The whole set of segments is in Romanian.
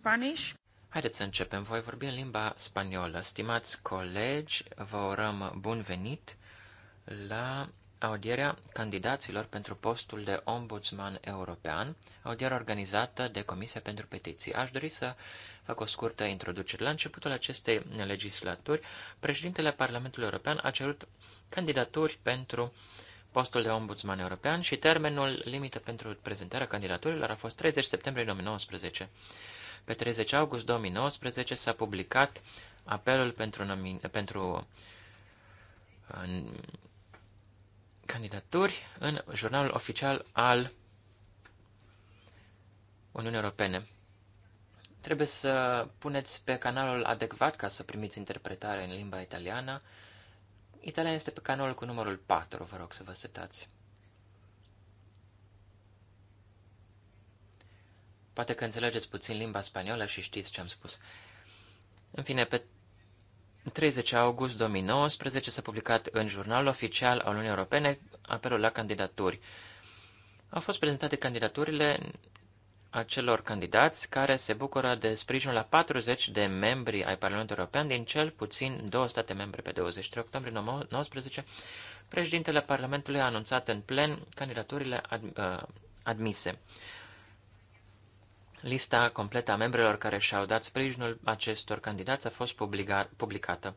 Spanish. Haideți să începem. Voi vorbi în limba spaniolă. Stimați colegi, vă urăm bun venit la audierea candidaților pentru postul de ombudsman european, Audierea organizată de Comisia pentru Petiții. Aș dori să fac o scurtă introducere. La începutul acestei legislaturi, președintele Parlamentului European a cerut candidaturi pentru postul de ombudsman european și termenul limită pentru prezentarea candidaturilor a fost 30 septembrie 2019. Pe 30 august 2019 s-a publicat apelul pentru, pentru în, uh, candidaturi în jurnalul oficial al Uniunii Europene. Trebuie să puneți pe canalul adecvat ca să primiți interpretare în limba italiană. Italia este pe canalul cu numărul 4, vă rog să vă setați. Poate că înțelegeți puțin limba spaniolă și știți ce am spus. În fine, pe 30 august 2019 s-a publicat în jurnalul oficial al Uniunii Europene apelul la candidaturi. Au fost prezentate candidaturile acelor candidați care se bucură de sprijinul la 40 de membri ai Parlamentului European din cel puțin două state membre pe 23 octombrie 2019. Președintele Parlamentului a anunțat în plen candidaturile uh, admise. Lista completă a membrelor care și-au dat sprijinul acestor candidați a fost publica- publicată.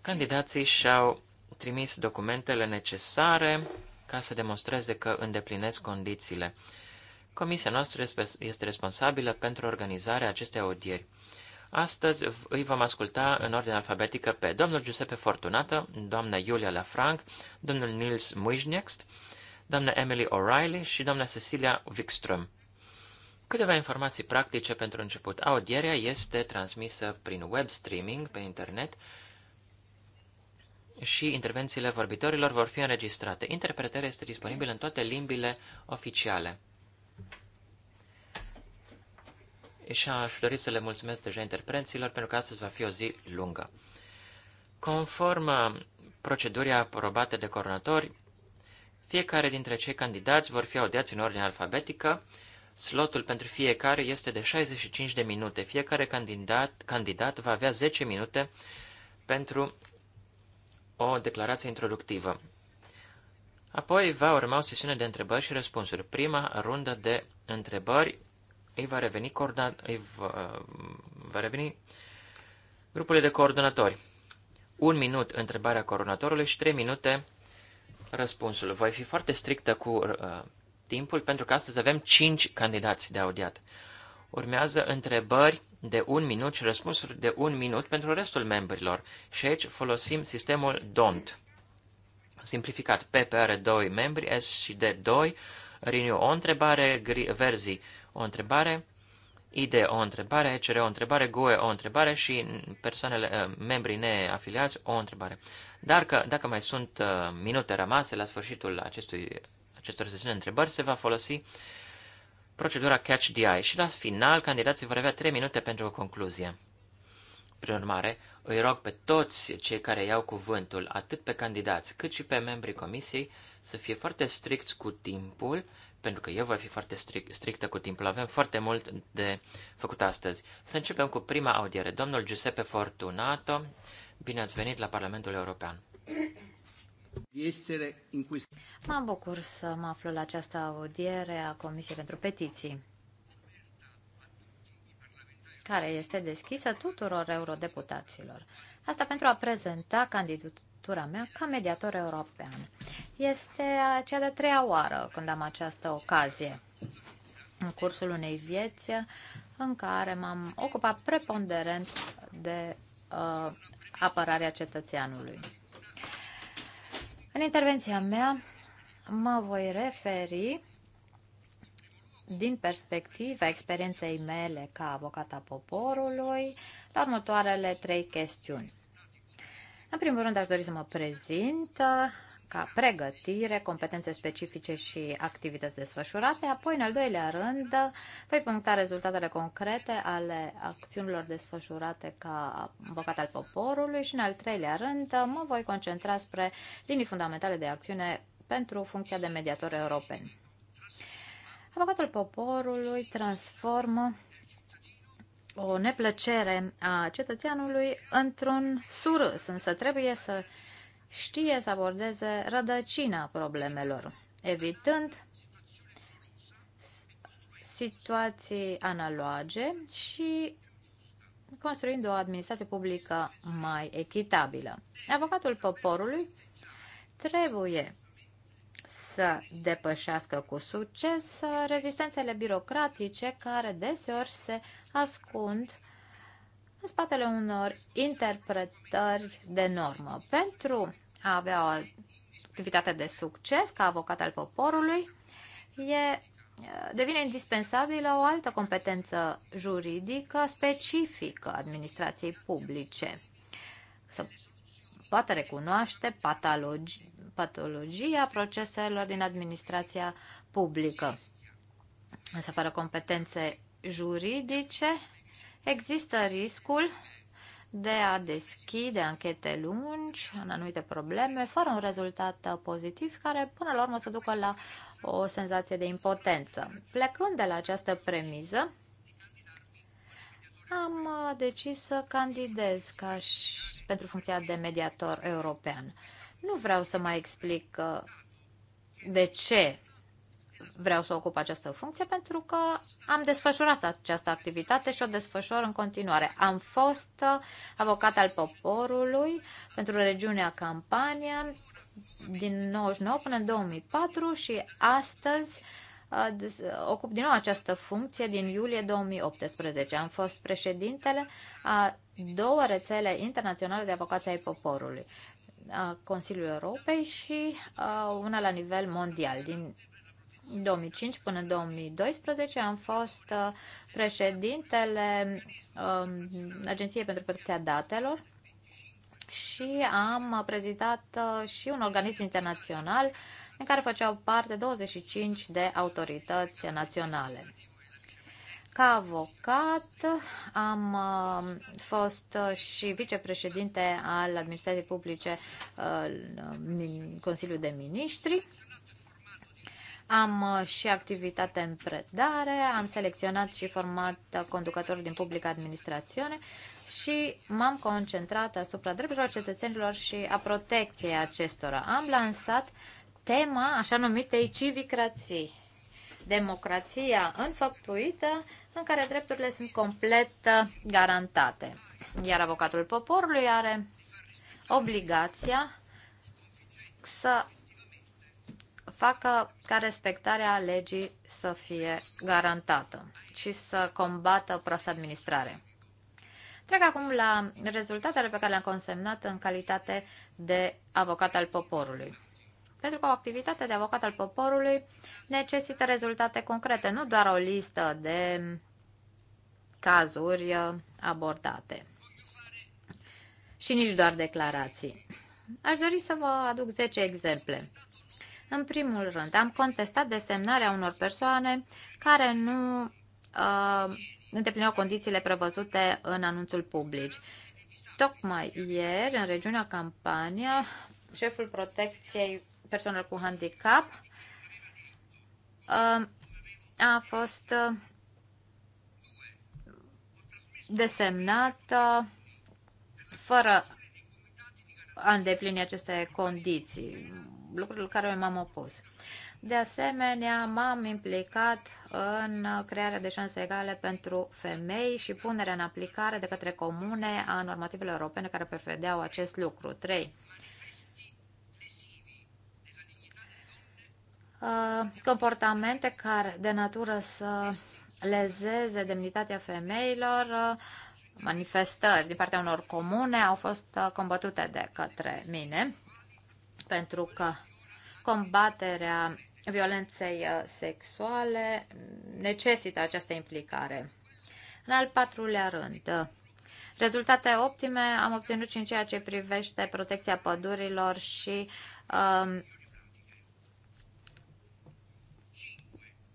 Candidații și-au trimis documentele necesare ca să demonstreze că îndeplinesc condițiile. Comisia noastră este responsabilă pentru organizarea acestei audieri. Astăzi îi vom asculta în ordine alfabetică pe domnul Giuseppe Fortunată, doamna Iulia Lafranc, domnul Nils Muijnext, doamna Emily O'Reilly și doamna Cecilia Wikström. Câteva informații practice pentru început. Audierea este transmisă prin web streaming pe internet și intervențiile vorbitorilor vor fi înregistrate. Interpretarea este disponibilă în toate limbile oficiale. Și aș dori să le mulțumesc deja interprenților pentru că astăzi va fi o zi lungă. Conform uh, procedurii aprobate de coronatori, fiecare dintre cei candidați vor fi audiați în ordine alfabetică. Slotul pentru fiecare este de 65 de minute. Fiecare candidat, candidat va avea 10 minute pentru o declarație introductivă. Apoi va urma o sesiune de întrebări și răspunsuri. Prima rundă de întrebări îi va reveni, coordona, îi va, va reveni grupurile de coordonatori. Un minut întrebarea coordonatorului și trei minute răspunsul. Voi fi foarte strictă cu uh, timpul, pentru că astăzi avem 5 candidați de audiat. Urmează întrebări de un minut și răspunsuri de un minut pentru restul membrilor. Și aici folosim sistemul DONT. Simplificat, PP are 2 membri, S și D 2, Renew o întrebare, Verzi o întrebare, ID o întrebare, CR o întrebare, GOE o întrebare și persoanele, uh, membrii neafiliați o întrebare. Dar că, dacă mai sunt uh, minute rămase la sfârșitul acestui, acestor sesiuni de întrebări, se va folosi procedura Catch the Eye și la final candidații vor avea 3 minute pentru o concluzie. Prin urmare, îi rog pe toți cei care iau cuvântul, atât pe candidați cât și pe membrii comisiei, să fie foarte stricți cu timpul pentru că eu voi fi foarte strict, strictă cu timpul. Avem foarte mult de făcut astăzi. Să începem cu prima audiere. Domnul Giuseppe Fortunato, bine ați venit la Parlamentul European. Mă bucur să mă aflu la această audiere a Comisiei pentru Petiții, care este deschisă tuturor eurodeputaților. Asta pentru a prezenta candidat candidatura mea ca mediator european. Este cea de-a treia oară când am această ocazie în cursul unei vieți în care m-am ocupat preponderent de uh, apărarea cetățeanului. În intervenția mea mă voi referi din perspectiva experienței mele ca avocat a poporului la următoarele trei chestiuni. În primul rând, aș dori să mă prezint uh, ca pregătire, competențe specifice și activități desfășurate. Apoi, în al doilea rând, voi puncta rezultatele concrete ale acțiunilor desfășurate ca avocat al poporului și, în al treilea rând, mă voi concentra spre linii fundamentale de acțiune pentru funcția de mediator european. Avocatul poporului transformă o neplăcere a cetățeanului într-un surâs, însă trebuie să știe să abordeze rădăcina problemelor, evitând situații analoge și construind o administrație publică mai echitabilă. Avocatul poporului trebuie să depășească cu succes rezistențele birocratice care deseori se ascund în spatele unor interpretări de normă. Pentru a avea o activitate de succes ca avocat al poporului, e, devine indispensabilă o altă competență juridică specifică administrației publice. Să poată recunoaște patologi, patologia proceselor din administrația publică. Însă, fără competențe juridice, există riscul de a deschide anchete lungi în anumite probleme, fără un rezultat pozitiv, care până la urmă să ducă la o senzație de impotență. Plecând de la această premiză, am decis să candidez ca și pentru funcția de mediator european. Nu vreau să mai explic uh, de ce vreau să ocup această funcție, pentru că am desfășurat această activitate și o desfășor în continuare. Am fost uh, avocat al poporului pentru regiunea Campania din 99 până în 2004 și astăzi uh, ocup din nou această funcție din iulie 2018. Am fost președintele a două rețele internaționale de avocații ai poporului. Consiliului Europei și una la nivel mondial. Din 2005 până în 2012 am fost președintele Agenției pentru Protecția Datelor și am prezidat și un organism internațional în care făceau parte 25 de autorități naționale. Ca avocat am uh, fost uh, și vicepreședinte al administrației publice în uh, Consiliul de Ministri. Am și activitate în predare, am selecționat și format conducători din publică administrațiune și m-am concentrat asupra drepturilor cetățenilor și a protecției acestora. Am lansat tema așa numitei civicrații, democrația înfăptuită în care drepturile sunt complet uh, garantate. Iar avocatul poporului are obligația să facă ca respectarea legii să fie garantată și să combată proastă administrare. Trec acum la rezultatele pe care le-am consemnat în calitate de avocat al poporului. Pentru că o activitate de avocat al poporului necesită rezultate concrete, nu doar o listă de cazuri uh, abordate și nici doar declarații. Aș dori să vă aduc 10 exemple. În primul rând, am contestat desemnarea unor persoane care nu uh, îndeplineau condițiile prevăzute în anunțul public. Tocmai ieri, în regiunea Campania, șeful protecției persoanelor cu handicap uh, a fost uh, desemnată fără a îndeplini aceste condiții, lucrul care m-am opus. De asemenea, m-am implicat în crearea de șanse egale pentru femei și punerea în aplicare de către comune a normativele europene care prevedeau acest lucru. 3. Uh, comportamente care de natură să lezeze demnitatea femeilor, uh, manifestări din partea unor comune au fost uh, combătute de către mine pentru că combaterea violenței sexuale necesită această implicare. În al patrulea rând, rezultate optime am obținut și în ceea ce privește protecția pădurilor și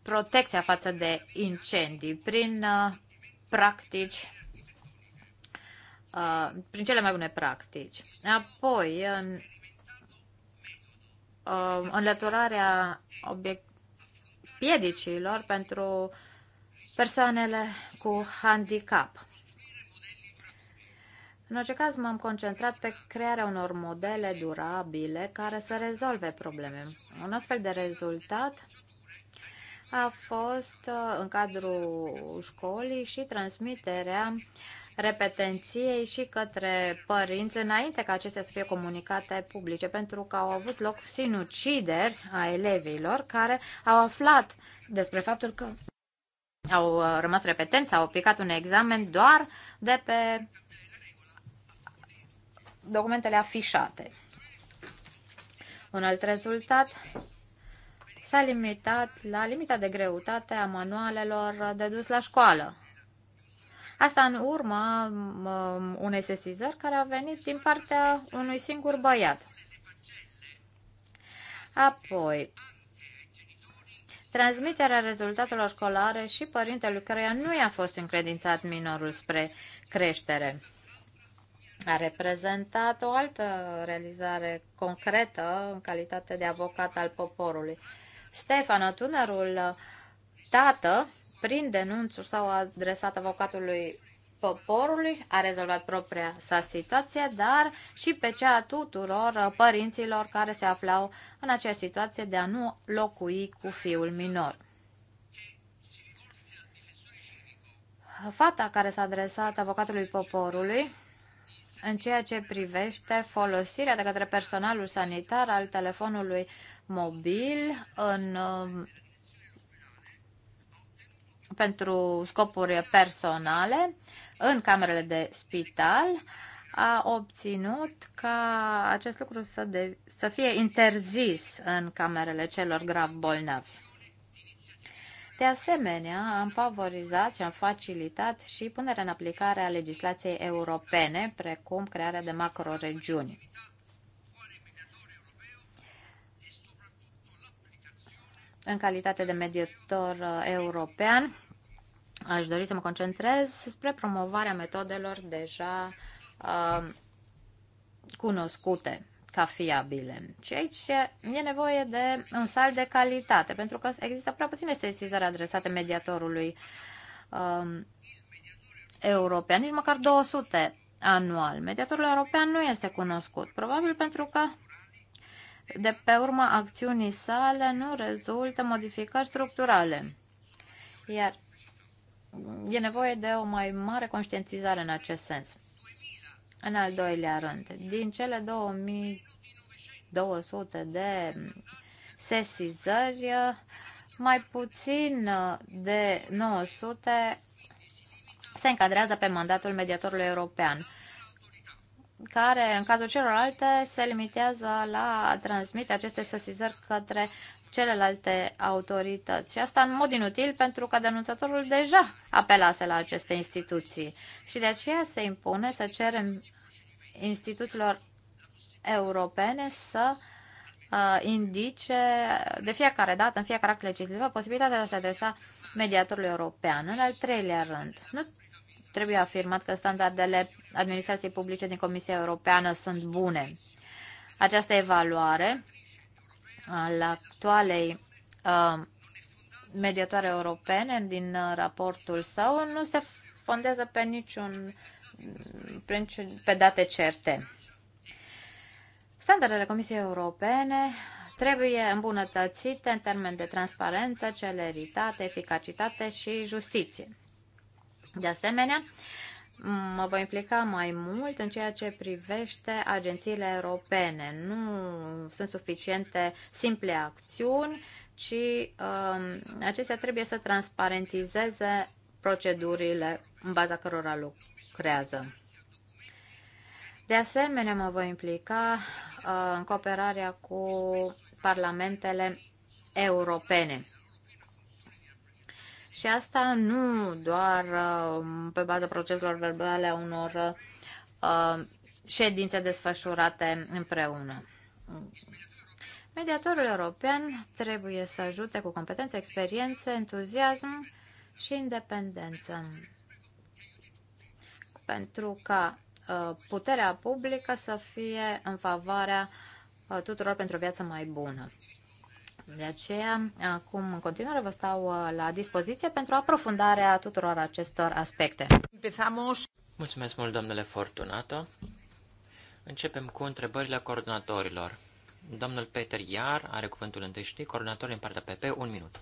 protecția față de incendii prin uh, practici uh, prin cele mai bune practici. Apoi, în, uh, înlăturarea obiect- piedicilor pentru persoanele cu handicap. În orice caz, m-am concentrat pe crearea unor modele durabile care să rezolve probleme. Un astfel de rezultat a fost uh, în cadrul școlii și transmiterea repetenției și către părinți înainte ca acestea să fie comunicate publice, pentru că au avut loc sinucideri a elevilor care au aflat despre faptul că au uh, rămas repetenți, au picat un examen doar de pe documentele afișate. Un alt rezultat s-a limitat la limita de greutate a manualelor de dus la școală. Asta în urma unei sesizări care a venit din partea unui singur băiat. Apoi, transmiterea rezultatelor școlare și părintelui căreia nu i-a fost încredințat minorul spre creștere. A reprezentat o altă realizare concretă în calitate de avocat al poporului. Stefano, tânărul tată, prin denunțuri sau adresat avocatului poporului, a rezolvat propria sa situație, dar și pe cea a tuturor părinților care se aflau în acea situație de a nu locui cu fiul minor. Fata care s-a adresat avocatului poporului în ceea ce privește folosirea de către personalul sanitar al telefonului mobil în, um, pentru scopuri personale în camerele de spital a obținut ca acest lucru să, de, să fie interzis în camerele celor grav bolnavi. De asemenea, am favorizat și am facilitat și punerea în aplicare a legislației europene, precum crearea de macroregiuni. În calitate de mediator uh, european, aș dori să mă concentrez spre promovarea metodelor deja uh, cunoscute ca fiabile. Și aici e nevoie de un sal de calitate, pentru că există prea puține sesizări adresate mediatorului um, european, nici măcar 200 anual. Mediatorul european nu este cunoscut, probabil pentru că de pe urma acțiunii sale nu rezultă modificări structurale. Iar e nevoie de o mai mare conștientizare în acest sens. În al doilea rând, din cele 2200 de sesizări, mai puțin de 900 se încadrează pe mandatul mediatorului european, care, în cazul celorlalte, se limitează la a transmite aceste sesizări către celelalte autorități. Și asta în mod inutil pentru că denunțătorul deja apelase la aceste instituții. Și de aceea se impune să cerem instituțiilor europene să uh, indice de fiecare dată, în fiecare act legislativ, posibilitatea de a se adresa mediatorului european. În al treilea rând, nu trebuie afirmat că standardele administrației publice din Comisia Europeană sunt bune. Această evaluare al actualei uh, mediatoare europene din uh, raportul său nu se fondează pe niciun pe date certe. Standardele Comisiei Europene trebuie îmbunătățite în termen de transparență, celeritate, eficacitate și justiție. De asemenea, mă voi implica mai mult în ceea ce privește agențiile europene. Nu sunt suficiente simple acțiuni, ci uh, acestea trebuie să transparentizeze procedurile în baza cărora lucrează. De asemenea, mă voi implica uh, în cooperarea cu parlamentele europene. Și asta nu doar uh, pe baza proceselor verbale a unor uh, ședințe desfășurate împreună. Mediatorul european trebuie să ajute cu competențe, experiență, entuziasm și independență pentru ca uh, puterea publică să fie în favoarea tuturor pentru o viață mai bună. De aceea, acum, în continuare, vă stau uh, la dispoziție pentru aprofundarea tuturor acestor aspecte. Mulțumesc mult, domnule Fortunato. Începem cu întrebările coordonatorilor. Domnul Peter Iar are cuvântul întâi și coordonator din partea PP, un minut.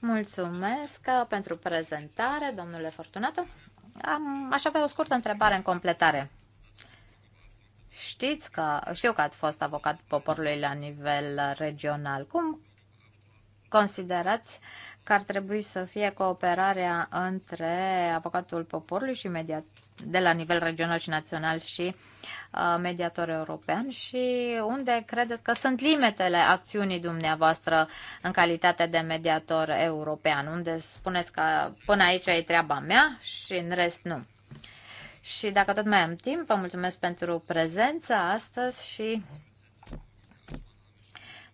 Mulțumesc uh, pentru prezentare, domnule Fortunato. Am, aș avea o scurtă întrebare în completare. Știți că, știu că ați fost avocat poporului la nivel regional. Cum considerați că ar trebui să fie cooperarea între avocatul poporului și mediat de la nivel regional și național și uh, mediator european și unde credeți că sunt limitele acțiunii dumneavoastră în calitate de mediator european? Unde spuneți că până aici e treaba mea și în rest nu? Și dacă tot mai am timp, vă mulțumesc pentru prezența astăzi și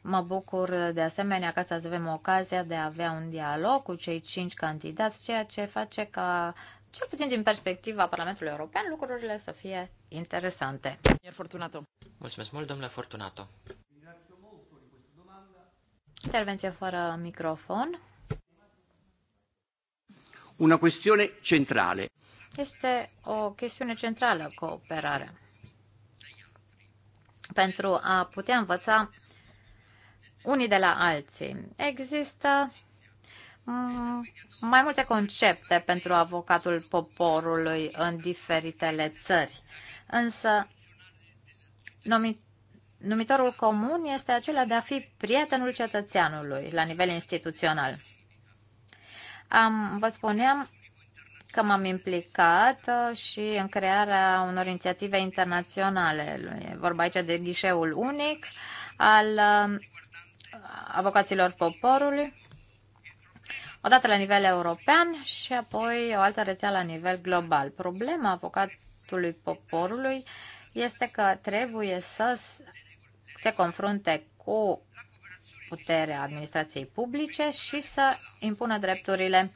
mă bucur de asemenea că astăzi avem ocazia de a avea un dialog cu cei cinci candidați, ceea ce face ca, cel puțin din perspectiva Parlamentului European, lucrurile să fie interesante. Fortunato. Mulțumesc mult, domnule Fortunato. Intervenție fără microfon. Una chestiune centrale. Este o chestiune centrală cooperarea. Pentru a putea învăța unii de la alții. Există mm, mai multe concepte pentru avocatul poporului în diferitele țări. Însă, numitorul comun este acela de a fi prietenul cetățeanului la nivel instituțional. Am, vă spuneam că m-am implicat uh, și în crearea unor inițiative internaționale. E vorba aici de ghișeul unic al uh, avocaților poporului, odată la nivel european și apoi o altă rețea la nivel global. Problema avocatului poporului este că trebuie să se confrunte cu puterea administrației publice și să impună drepturile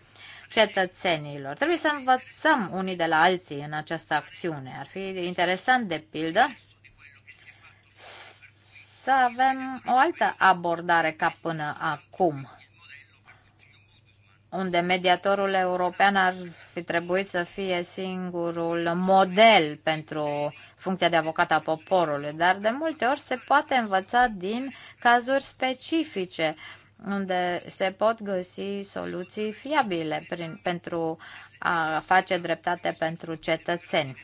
cetățenilor. Trebuie să învățăm unii de la alții în această acțiune. Ar fi interesant, de pildă, să avem o altă abordare ca până acum, unde mediatorul european ar fi trebuit să fie singurul model pentru funcția de avocat a poporului, dar de multe ori se poate învăța din cazuri specifice unde se pot găsi soluții fiabile prin, pentru a face dreptate pentru cetățeni.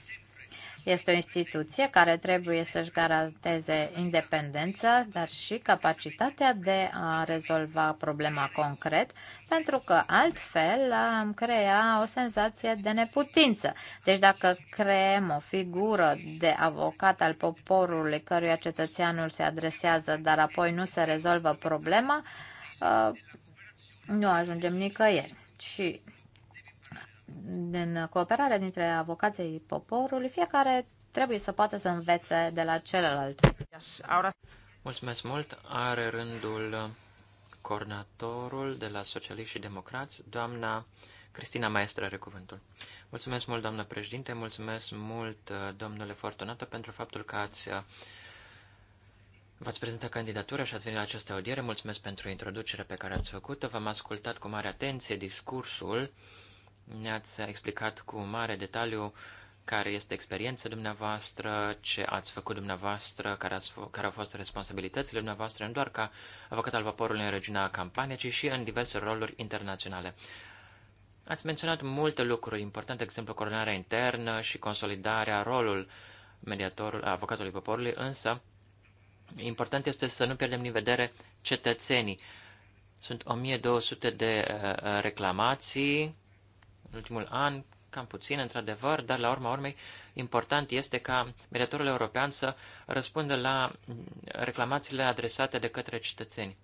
Este o instituție care trebuie să-și garanteze independența, dar și capacitatea de a rezolva problema concret, pentru că altfel am crea o senzație de neputință. Deci dacă creăm o figură de avocat al poporului căruia cetățeanul se adresează, dar apoi nu se rezolvă problema, Uh, nu ajungem nicăieri. Și în cooperarea dintre avocații poporului, fiecare trebuie să poată să învețe de la celălalt. Mulțumesc mult. Are rândul coordonatorul de la Socialiști și Democrați, doamna Cristina Maestră are cuvântul. Mulțumesc mult, doamnă președinte, mulțumesc mult, domnule Fortunato, pentru faptul că ați V-ați prezentat candidatura și ați venit la această audiere. Mulțumesc pentru introducerea pe care ați făcut-o. V-am ascultat cu mare atenție discursul. Ne-ați explicat cu mare detaliu care este experiența dumneavoastră, ce ați făcut dumneavoastră, care, ați care au fost responsabilitățile dumneavoastră, nu doar ca avocat al vaporului în regiunea Campania, ci și în diverse roluri internaționale. Ați menționat multe lucruri importante, exemplu coordonarea internă și consolidarea rolul mediatorul, avocatului poporului, însă Important este să nu pierdem din vedere cetățenii. Sunt 1200 de uh, uh, reclamații în ultimul an, cam puțin, într-adevăr, dar la urma urmei, important este ca mediatorul european să răspundă la mm, reclamațiile adresate de către cetățeni.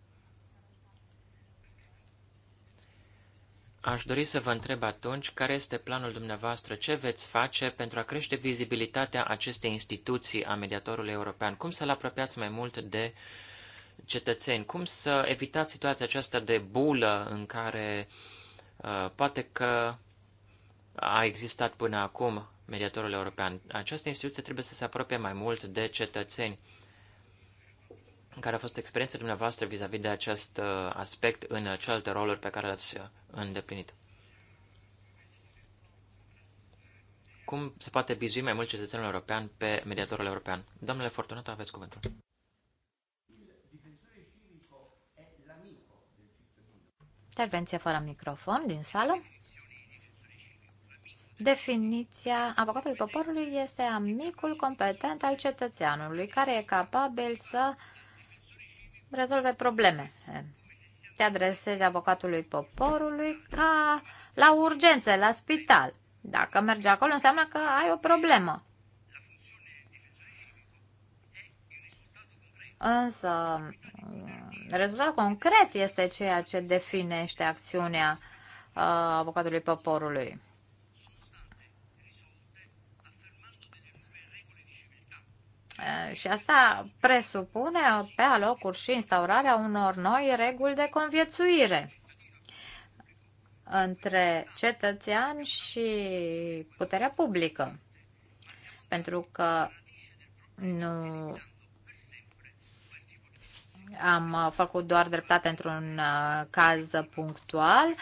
Aș dori să vă întreb atunci care este planul dumneavoastră, ce veți face pentru a crește vizibilitatea acestei instituții a mediatorului european, cum să-l apropiați mai mult de cetățeni, cum să evitați situația aceasta de bulă în care uh, poate că a existat până acum mediatorul european. Această instituție trebuie să se apropie mai mult de cetățeni care a fost experiența dumneavoastră vis-a-vis -vis de acest uh, aspect în celelalte roluri pe care le-ați uh, îndeplinit? Cum se poate bizui mai mult cetățenul european pe mediatorul european? Domnule Fortunato, aveți cuvântul. Intervenție fără microfon din sală. Definiția avocatului poporului este amicul competent al cetățeanului care e capabil să uh, rezolve probleme. Te adresezi avocatului poporului ca la urgență la spital. Dacă mergi acolo, înseamnă că ai o problemă. Însă, rezultatul concret este ceea ce definește acțiunea uh, avocatului poporului. Eh, și asta presupune pe alocuri și instaurarea unor noi reguli de conviețuire între cetățean și puterea publică. Pentru că nu am făcut doar dreptate într-un eh, caz punctual,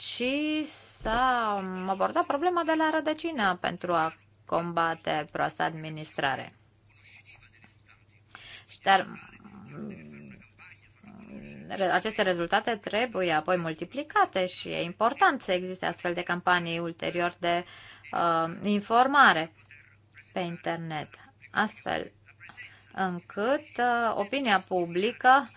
ci s-a abordat problema de la rădăcină pentru a combate proasta administrare. Dar mm, aceste rezultate trebuie apoi multiplicate și e important să existe astfel de campanii ulterior de uh, informare pe internet, astfel încât uh, opinia publică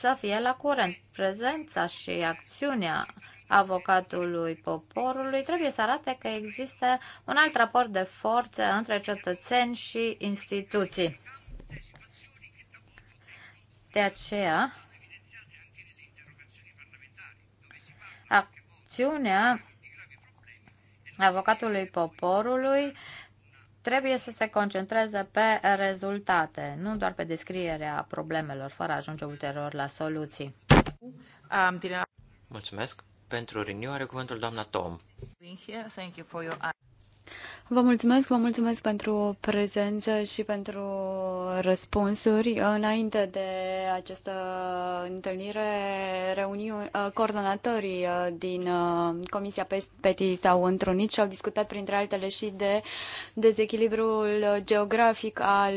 să fie la curent. Prezența și acțiunea avocatului poporului trebuie să arate că există un alt raport de forțe între cetățeni și instituții. De aceea, acțiunea avocatului poporului trebuie să se concentreze pe rezultate, nu doar pe descrierea problemelor, fără a ajunge ulterior la soluții. Mulțumesc. Pentru reuniune are cuvântul doamna Tom. Vă mulțumesc, vă mulțumesc pentru prezență și pentru răspunsuri. Înainte de această întâlnire, reuniu, uh, coordonatorii uh, din uh, Comisia PETI s-au întrunit și au discutat, printre altele, și de dezechilibrul geografic al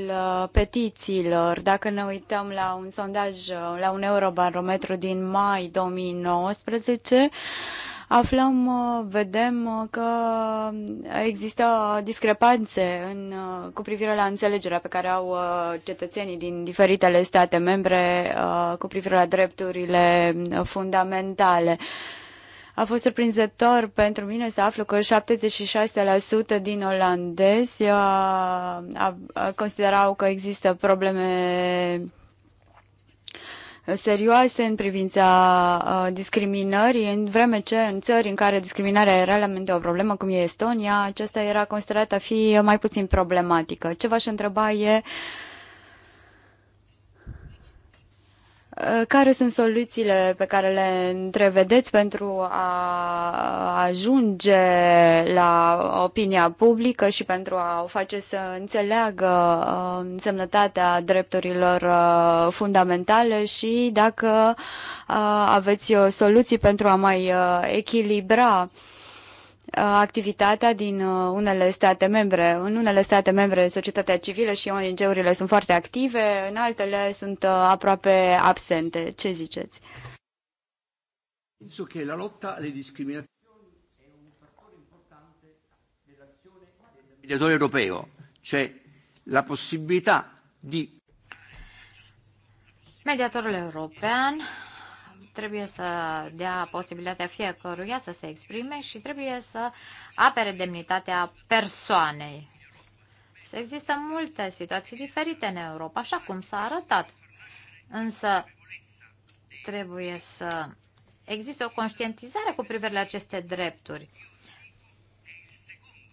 petițiilor. Dacă ne uităm la un sondaj, la un eurobarometru din mai 2019, aflăm, uh, vedem uh, că există discrepanțe în, uh, cu privire la înțelegerea pe care au cetățenii din diferitele state membre cu privire la drepturile fundamentale. A fost surprinzător pentru mine să aflu că 76% din olandezi considerau că există probleme serioase în privința uh, discriminării, în vreme ce în țări în care discriminarea era realmente o problemă, cum e Estonia, aceasta era considerată a fi mai puțin problematică. Ce v-aș întreba e uh, Uh, care sunt soluțiile pe care le întrevedeți pentru a ajunge la opinia publică și pentru a o face să înțeleagă uh, însemnătatea drepturilor uh, fundamentale și dacă aveți soluții pentru a mai echilibra uh, Uh, activitatea din uh, unele state membre. În unele state membre, societatea civilă și ONG-urile sunt foarte active, în altele sunt uh, aproape absente. Ce ziceți? Penso che la lotta alle discriminazioni è un fattore importante dell'azione del mediatore europeo, cioè la possibilità di Mediatorul european trebuie să dea posibilitatea fiecăruia să se exprime și trebuie să apere demnitatea persoanei. Și există multe situații diferite în Europa, așa cum s-a arătat. Însă trebuie să există o conștientizare cu privire la aceste drepturi.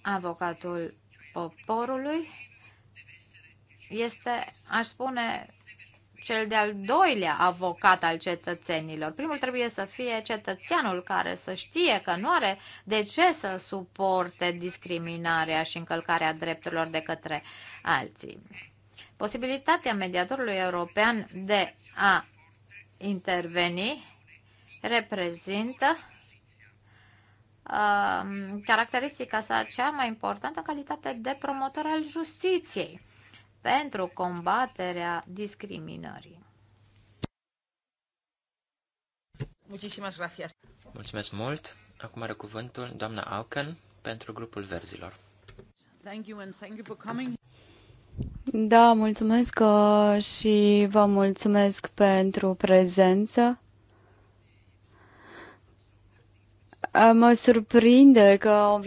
Avocatul poporului este, aș spune, cel de-al doilea avocat al cetățenilor. Primul trebuie să fie cetățeanul care să știe că nu are de ce să suporte discriminarea și încălcarea drepturilor de către alții. Posibilitatea mediatorului european de a interveni reprezintă um, caracteristica sa cea mai importantă calitate de promotor al justiției pentru combaterea discriminării. Muchísimas gracias. Mulțumesc mult. Acum are cuvântul doamna Auken pentru grupul verzilor. Thank you and thank you for coming. Da, mulțumesc uh, și vă mulțumesc pentru prezență. Mă surprinde că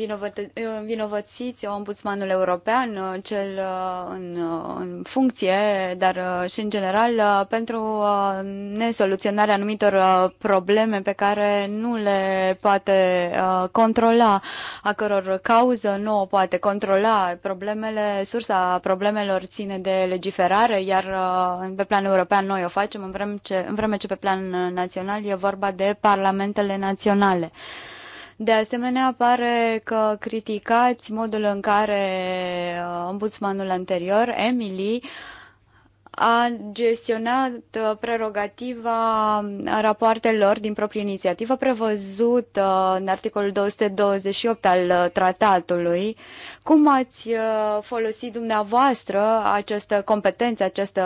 învinovățiți ombudsmanul european, uh, cel uh, în, uh, în funcție, dar și în general, pentru nesoluționarea anumitor probleme pe care nu le poate controla, a căror cauză nu o poate controla. Problemele, sursa problemelor ține de legiferare, iar pe plan european noi o facem, în vreme ce, în vreme ce pe plan național e vorba de parlamentele naționale. De asemenea, pare că criticați modul în care uh, ombudsmanul anterior, Emily, a gestionat uh, prerogativa rapoartelor din proprie inițiativă prevăzută uh, în articolul 228 al tratatului. Cum ați folosit dumneavoastră această competență, această,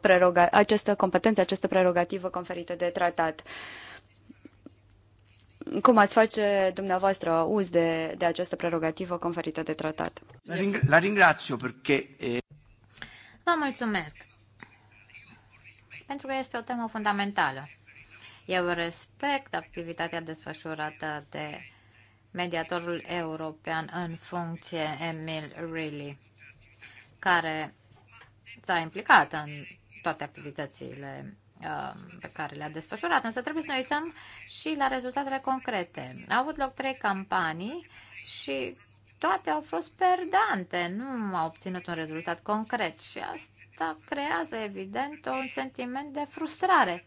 prerogativă, această competență, această prerogativă conferită de tratat? Uh, cum ați face dumneavoastră uz de, de această prerogativă conferită de tratat? La, ringrazio perché... Eh, Vă mulțumesc! Pentru că este o temă fundamentală. Eu respect activitatea desfășurată de mediatorul european în funcție Emil Reilly, care s-a implicat în toate activitățile Um, pe care le-a desfășurat, însă trebuie să ne uităm și la rezultatele concrete. Au avut loc trei campanii și toate au fost perdante, nu au obținut un rezultat concret și asta creează, evident, un sentiment de frustrare.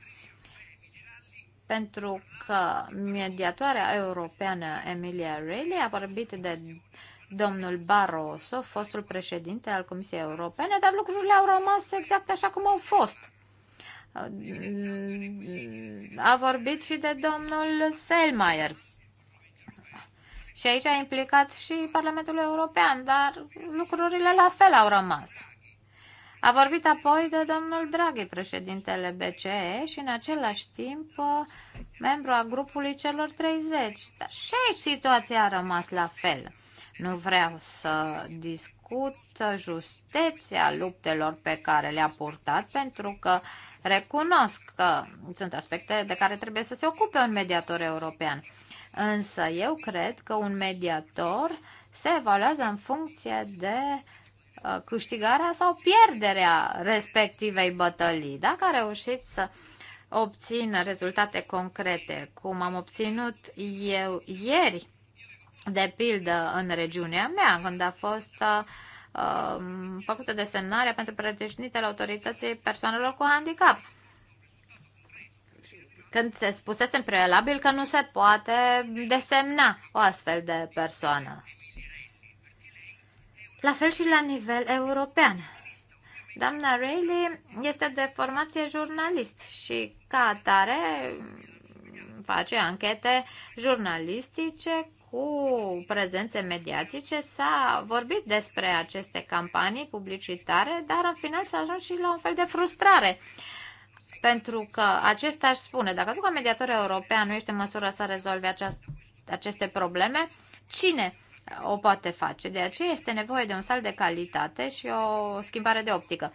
Pentru că mediatoarea europeană Emilia Reilly a vorbit de domnul Barroso, fostul președinte al Comisiei Europene, dar lucrurile au rămas exact așa cum au fost a vorbit și de domnul Selmayr. Și aici a implicat și Parlamentul European, dar lucrurile la fel au rămas. A vorbit apoi de domnul Draghi, președintele BCE, și în același timp uh, membru a grupului celor 30. Dar și aici situația a rămas la fel. Nu vreau să discut justeția luptelor pe care le-a purtat, pentru că recunosc că sunt aspecte de care trebuie să se ocupe un mediator european. Însă eu cred că un mediator se evaluează în funcție de uh, câștigarea sau pierderea respectivei bătălii. Dacă a reușit să obțină rezultate concrete, cum am obținut eu ieri de pildă în regiunea mea, când a fost uh, făcută desemnarea pentru predeșnitele autorității persoanelor cu handicap. Când se spusese în prealabil că nu se poate desemna o astfel de persoană. La fel și la nivel european. Doamna Rayleigh este de formație jurnalist și ca atare face anchete jurnalistice cu prezențe mediatice, s-a vorbit despre aceste campanii publicitare, dar în final s-a ajuns și la un fel de frustrare. Pentru că acesta își spune, dacă tu ca mediator european nu ești în măsură să rezolve aceast, aceste probleme, cine o poate face? De aceea este nevoie de un sal de calitate și o schimbare de optică.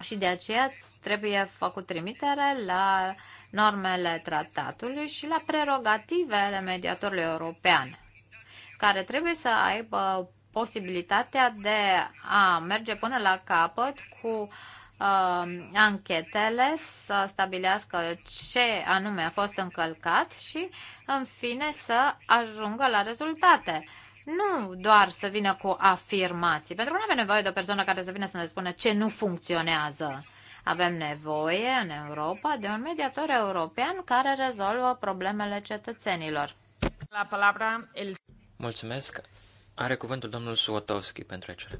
Și de aceea trebuie făcut trimitere la normele tratatului și la prerogativele mediatorului european, care trebuie să aibă posibilitatea de a merge până la capăt cu uh, anchetele, să stabilească ce anume a fost încălcat și, în fine, să ajungă la rezultate. Uh, nu doar să vină cu afirmații, pentru că nu avem nevoie de o persoană care să vină să ne spună ce nu funcționează. Avem nevoie în Europa de un mediator european care rezolvă problemele cetățenilor. La palabra el... Mulțumesc. Are cuvântul domnul Suotowski pentru ECR.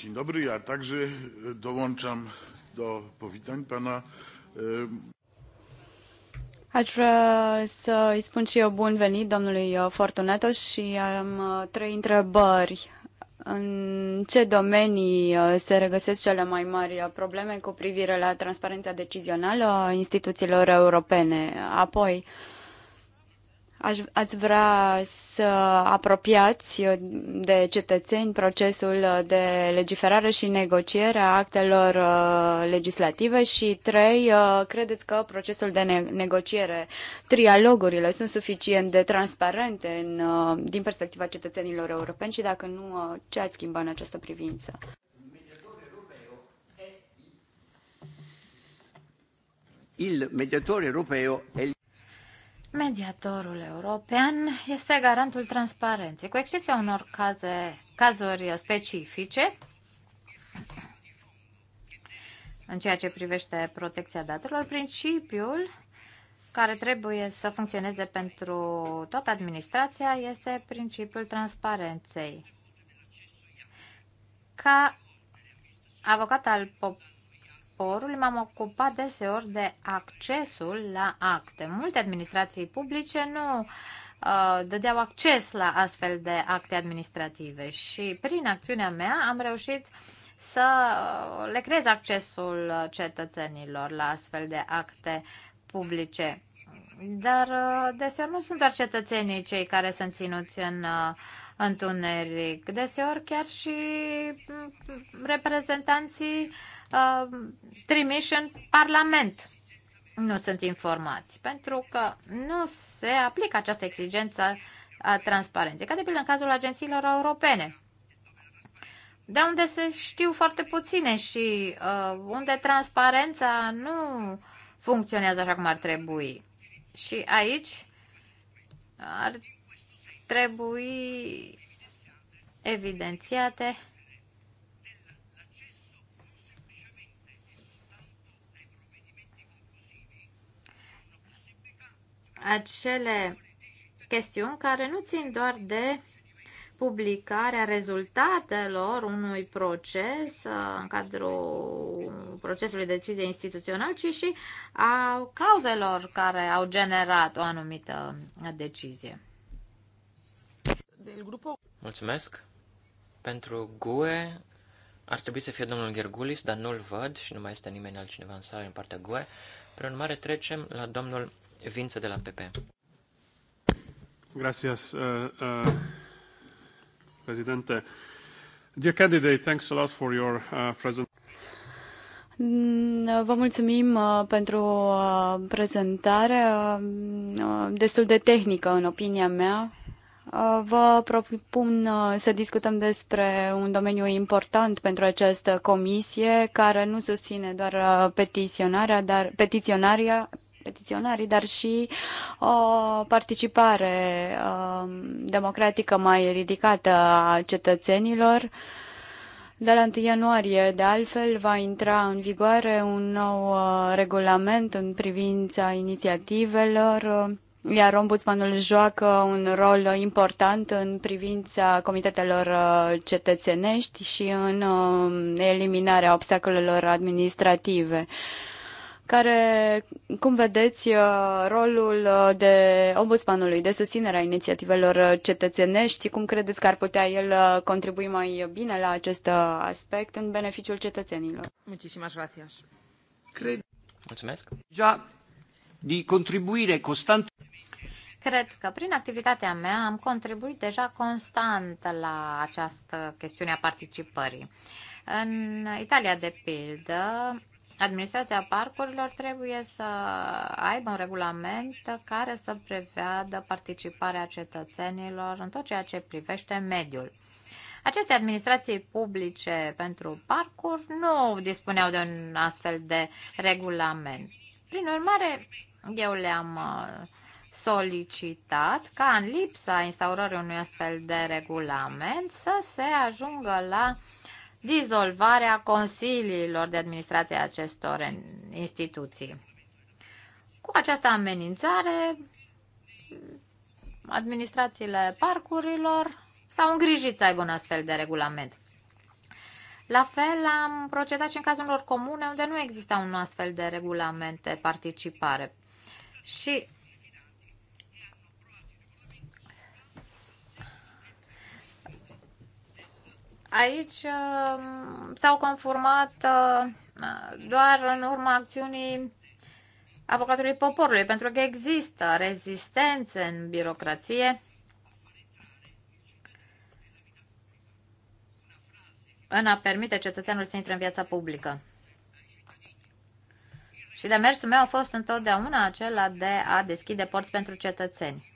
Dzień dobry, ja także dołączam do powitań pana Aș vrea să îi spun și eu bun venit domnului uh, Fortunato și am uh, trei întrebări. În ce domenii uh, se regăsesc cele mai mari probleme cu privire la transparența decizională a instituțiilor europene? Apoi, uh, Aș, ați vrea să apropiați uh, de cetățeni procesul uh, de legiferare și negociere a actelor uh, legislative și, trei, credeți că procesul de ne- negociere, trialogurile sunt suficient de transparente în, din perspectiva cetățenilor europeni și, dacă nu, ce ați schimba în această privință? Il mediatore europeo è Mediatorul european este garantul transparenței, cu excepția unor caze, cazuri specifice în ceea ce privește protecția datelor. Principiul care trebuie să funcționeze pentru toată administrația este principiul transparenței. Ca avocat al poporului, sporul, m-am ocupat deseori de accesul la acte. Multe administrații publice nu uh, dădeau acces la astfel de acte administrative și prin acțiunea mea am reușit să le creez accesul cetățenilor la astfel de acte publice. Dar uh, deseori nu sunt doar cetățenii cei care sunt ținuți în uh, întuneric. Deseori chiar și mm, reprezentanții Um, trimiși în Parlament nu sunt informați, pentru că nu se aplică această exigență a transparenței, ca de pildă în cazul agențiilor europene, de unde se știu foarte puține și uh, unde transparența nu funcționează așa cum ar trebui. Și aici ar trebui evidențiate acele chestiuni care nu țin doar de publicarea rezultatelor unui proces uh, în cadrul procesului de decizie instituțional, ci și a cauzelor care au generat o anumită decizie. Mulțumesc. Pentru GUE ar trebui să fie domnul Gergulis, dar nu-l văd și nu mai este nimeni altcineva în sală în partea GUE. Prin urmare, trecem la domnul Vință de la PP. Gracias, uh, uh, presidente. Dear candidate, thanks a lot for your uh, presentation. Mm, vă mulțumim uh, pentru uh, prezentare, uh, destul de tehnică în opinia mea. Vă propun să discutăm despre un domeniu important pentru această comisie, care nu susține doar petiționarea, dar petiționarea, petiționarii, dar și o uh, participare um, democratică mai ridicată a cetățenilor. De la 1 ianuarie, de altfel, va intra în vigoare un nou uh, regulament în privința inițiativelor uh, iar ombudsmanul joacă un rol important în privința comitetelor cetățenești și în eliminarea obstacolelor administrative care, cum vedeți, uh, rolul uh, de ombudsmanului, de susținere a inițiativelor uh, cetățenești, cum credeți că ar putea el contribui mai bine la acest aspect în beneficiul cetățenilor? Mulțumesc! Cred... Mulțumesc. Ja, de contribuire constant. Cred că prin activitatea mea am contribuit deja constant la această chestiune a participării. În Italia, de pildă, Administrația parcurilor trebuie să aibă un regulament care să prevadă participarea cetățenilor în tot ceea ce privește mediul. Aceste administrații publice pentru parcuri nu dispuneau de un astfel de regulament. Prin urmare, eu le-am uh, solicitat ca în lipsa instaurării unui astfel de regulament să se ajungă la uh, dizolvarea consiliilor de administrație a acestor instituții. Cu această amenințare, administrațiile parcurilor s-au îngrijit să aibă un astfel de regulament. La fel am procedat și în cazul unor comune unde nu exista un astfel de regulament de participare. Și Aici um, s-au conformat uh, doar în urma acțiunii avocatului poporului, pentru că există rezistență în birocrație în a permite cetățeanul să intre în viața publică. Și demersul meu a fost întotdeauna acela de a deschide porți pentru cetățeni.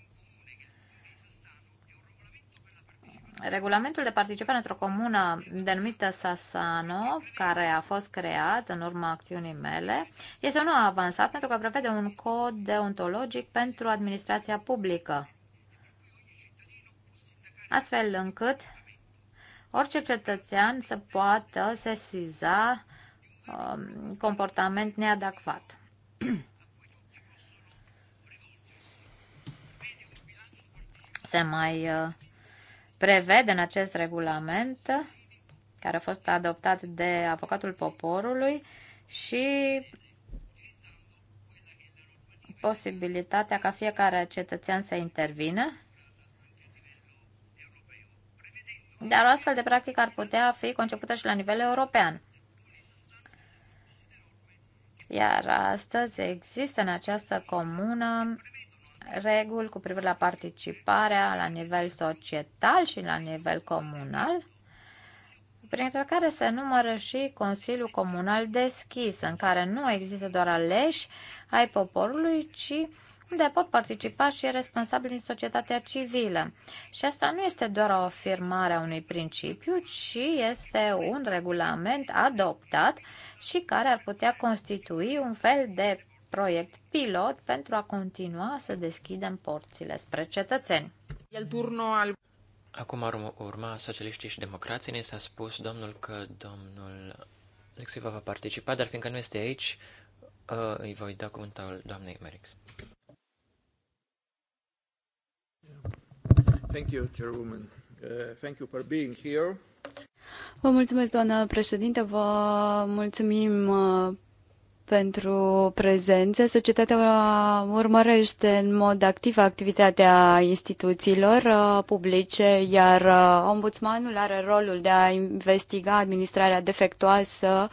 regulamentul de participare într-o comună denumită Sassano, care a fost creat în urma acțiunii mele, este unul avansat pentru că prevede un cod deontologic pentru administrația publică, astfel încât orice cetățean să poată sesiza um, comportament neadecvat. Se mai uh, prevede în acest regulament, care a fost adoptat de avocatul poporului, și posibilitatea ca fiecare cetățean să intervină. Dar o astfel de practică ar putea fi concepută și la nivel european. Iar astăzi există în această comună reguli cu privire la participarea la nivel societal și la nivel comunal, printre care se numără și Consiliul Comunal deschis, în care nu există doar aleși ai poporului, ci unde pot participa și responsabili din societatea civilă. Și asta nu este doar o afirmare a unui principiu, ci este un regulament adoptat și care ar putea constitui un fel de proiect pilot pentru a continua să deschidem porțile spre cetățeni. El turno al... Acum ar urma socialiștii și democrații. Ne s-a spus domnul că domnul Lexiva va participa, dar fiindcă nu este aici, ă, îi voi da cuvântul doamnei Merix. Thank you, Chairwoman. Uh, thank you for being here. Vă mulțumesc, doamnă președinte, vă mulțumim ă, pentru prezență. Societatea urmărește în mod activ activitatea instituțiilor uh, publice, iar uh, ombudsmanul are rolul de a investiga administrarea defectuoasă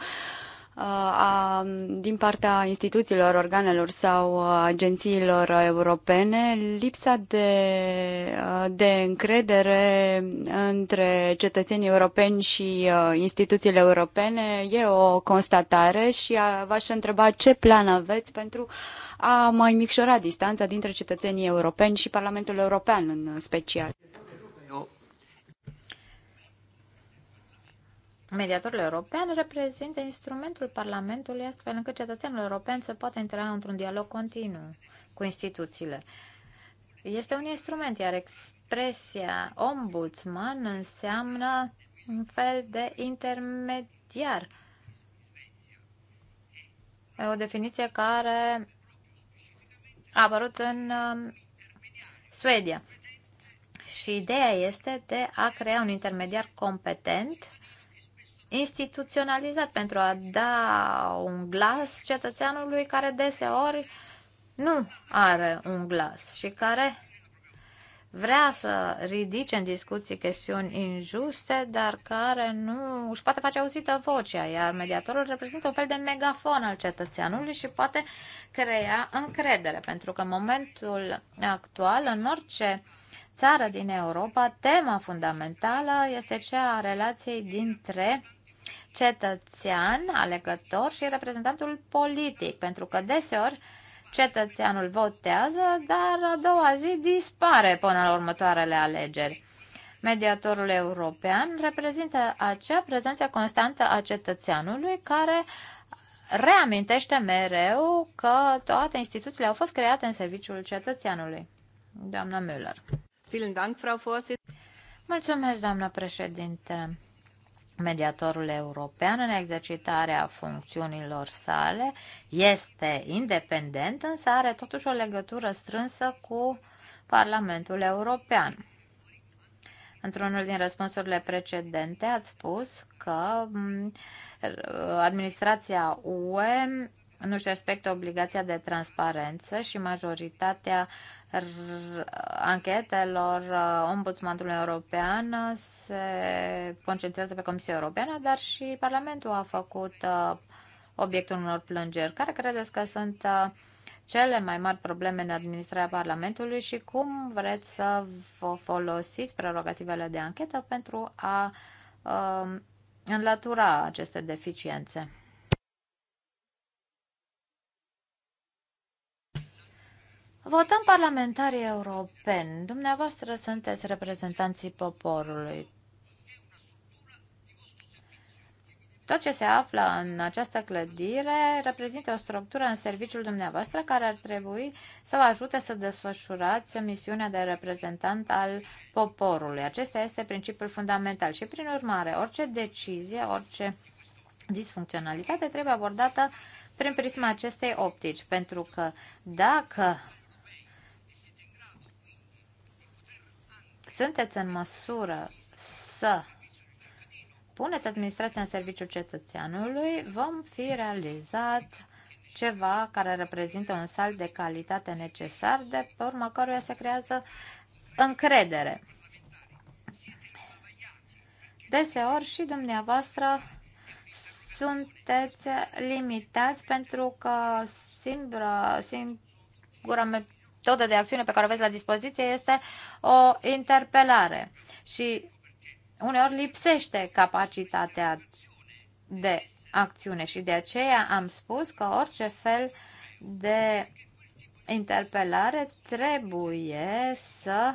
a, din partea instituțiilor, organelor sau agențiilor europene, lipsa de, de încredere între cetățenii europeni și instituțiile europene e o constatare și v-aș întreba ce plan aveți pentru a mai micșora distanța dintre cetățenii europeni și Parlamentul European în special. Mediatorul european reprezintă instrumentul Parlamentului astfel încât cetățenul european să poată intra într-un dialog continuu cu instituțiile. Este un instrument, iar expresia ombudsman înseamnă un fel de intermediar. E o definiție care a apărut în um, Suedia. Și ideea este de a crea un intermediar competent instituționalizat pentru a da un glas cetățeanului care deseori nu are un glas și care vrea să ridice în discuții chestiuni injuste, dar care nu își poate face auzită vocea, iar mediatorul reprezintă un fel de megafon al cetățeanului și poate crea încredere, pentru că în momentul actual, în orice țară din Europa, tema fundamentală este cea a relației dintre cetățean, alegător și reprezentantul politic, pentru că deseori cetățeanul votează, dar a doua zi dispare până la următoarele alegeri. Mediatorul european reprezintă acea prezență constantă a cetățeanului care reamintește mereu că toate instituțiile au fost create în serviciul cetățeanului. Doamna Müller. Mulțumesc, doamna președinte mediatorul european în exercitarea funcțiunilor sale este independent, însă are totuși o legătură strânsă cu Parlamentul European. Într-unul din răspunsurile precedente ați spus că mm, administrația UE nu își respectă obligația de transparență și majoritatea anchetelor uh, Ombudsmanului European se concentrează pe Comisia Europeană, dar și Parlamentul a făcut uh, obiectul unor plângeri. Care credeți că sunt uh, cele mai mari probleme în administrarea Parlamentului și cum vreți să vă folosiți prerogativele de anchetă pentru a înlătura aceste deficiențe? Votăm parlamentarii europeni. Dumneavoastră sunteți reprezentanții poporului. Tot ce se află în această clădire reprezintă o structură în serviciul dumneavoastră care ar trebui să vă ajute să desfășurați misiunea de reprezentant al poporului. Acesta este principiul fundamental și, prin urmare, orice decizie, orice disfuncționalitate trebuie abordată prin prisma acestei optici, pentru că dacă sunteți în măsură să puneți administrația în serviciul cetățeanului, vom fi realizat ceva care reprezintă un salt de calitate necesar, de pe urma căruia se creează încredere. Deseori și dumneavoastră sunteți limitați pentru că singura, singura metodă de acțiune pe care o aveți la dispoziție este o interpelare și uneori lipsește capacitatea de acțiune și de aceea am spus că orice fel de interpelare trebuie să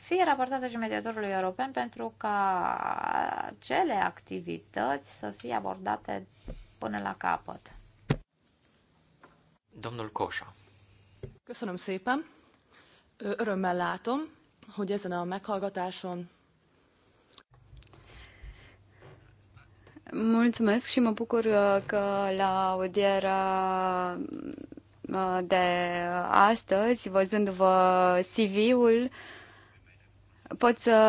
fie raportată și mediatorului european pentru ca cele activități să fie abordate până la capăt. Domnul Coșa. Köszönöm szépen. Örömmel látom, hogy ezen a meghallgatáson Mulțumesc și mă bucur uh, că la audierea uh, de astăzi, văzându-vă CV-ul, pot să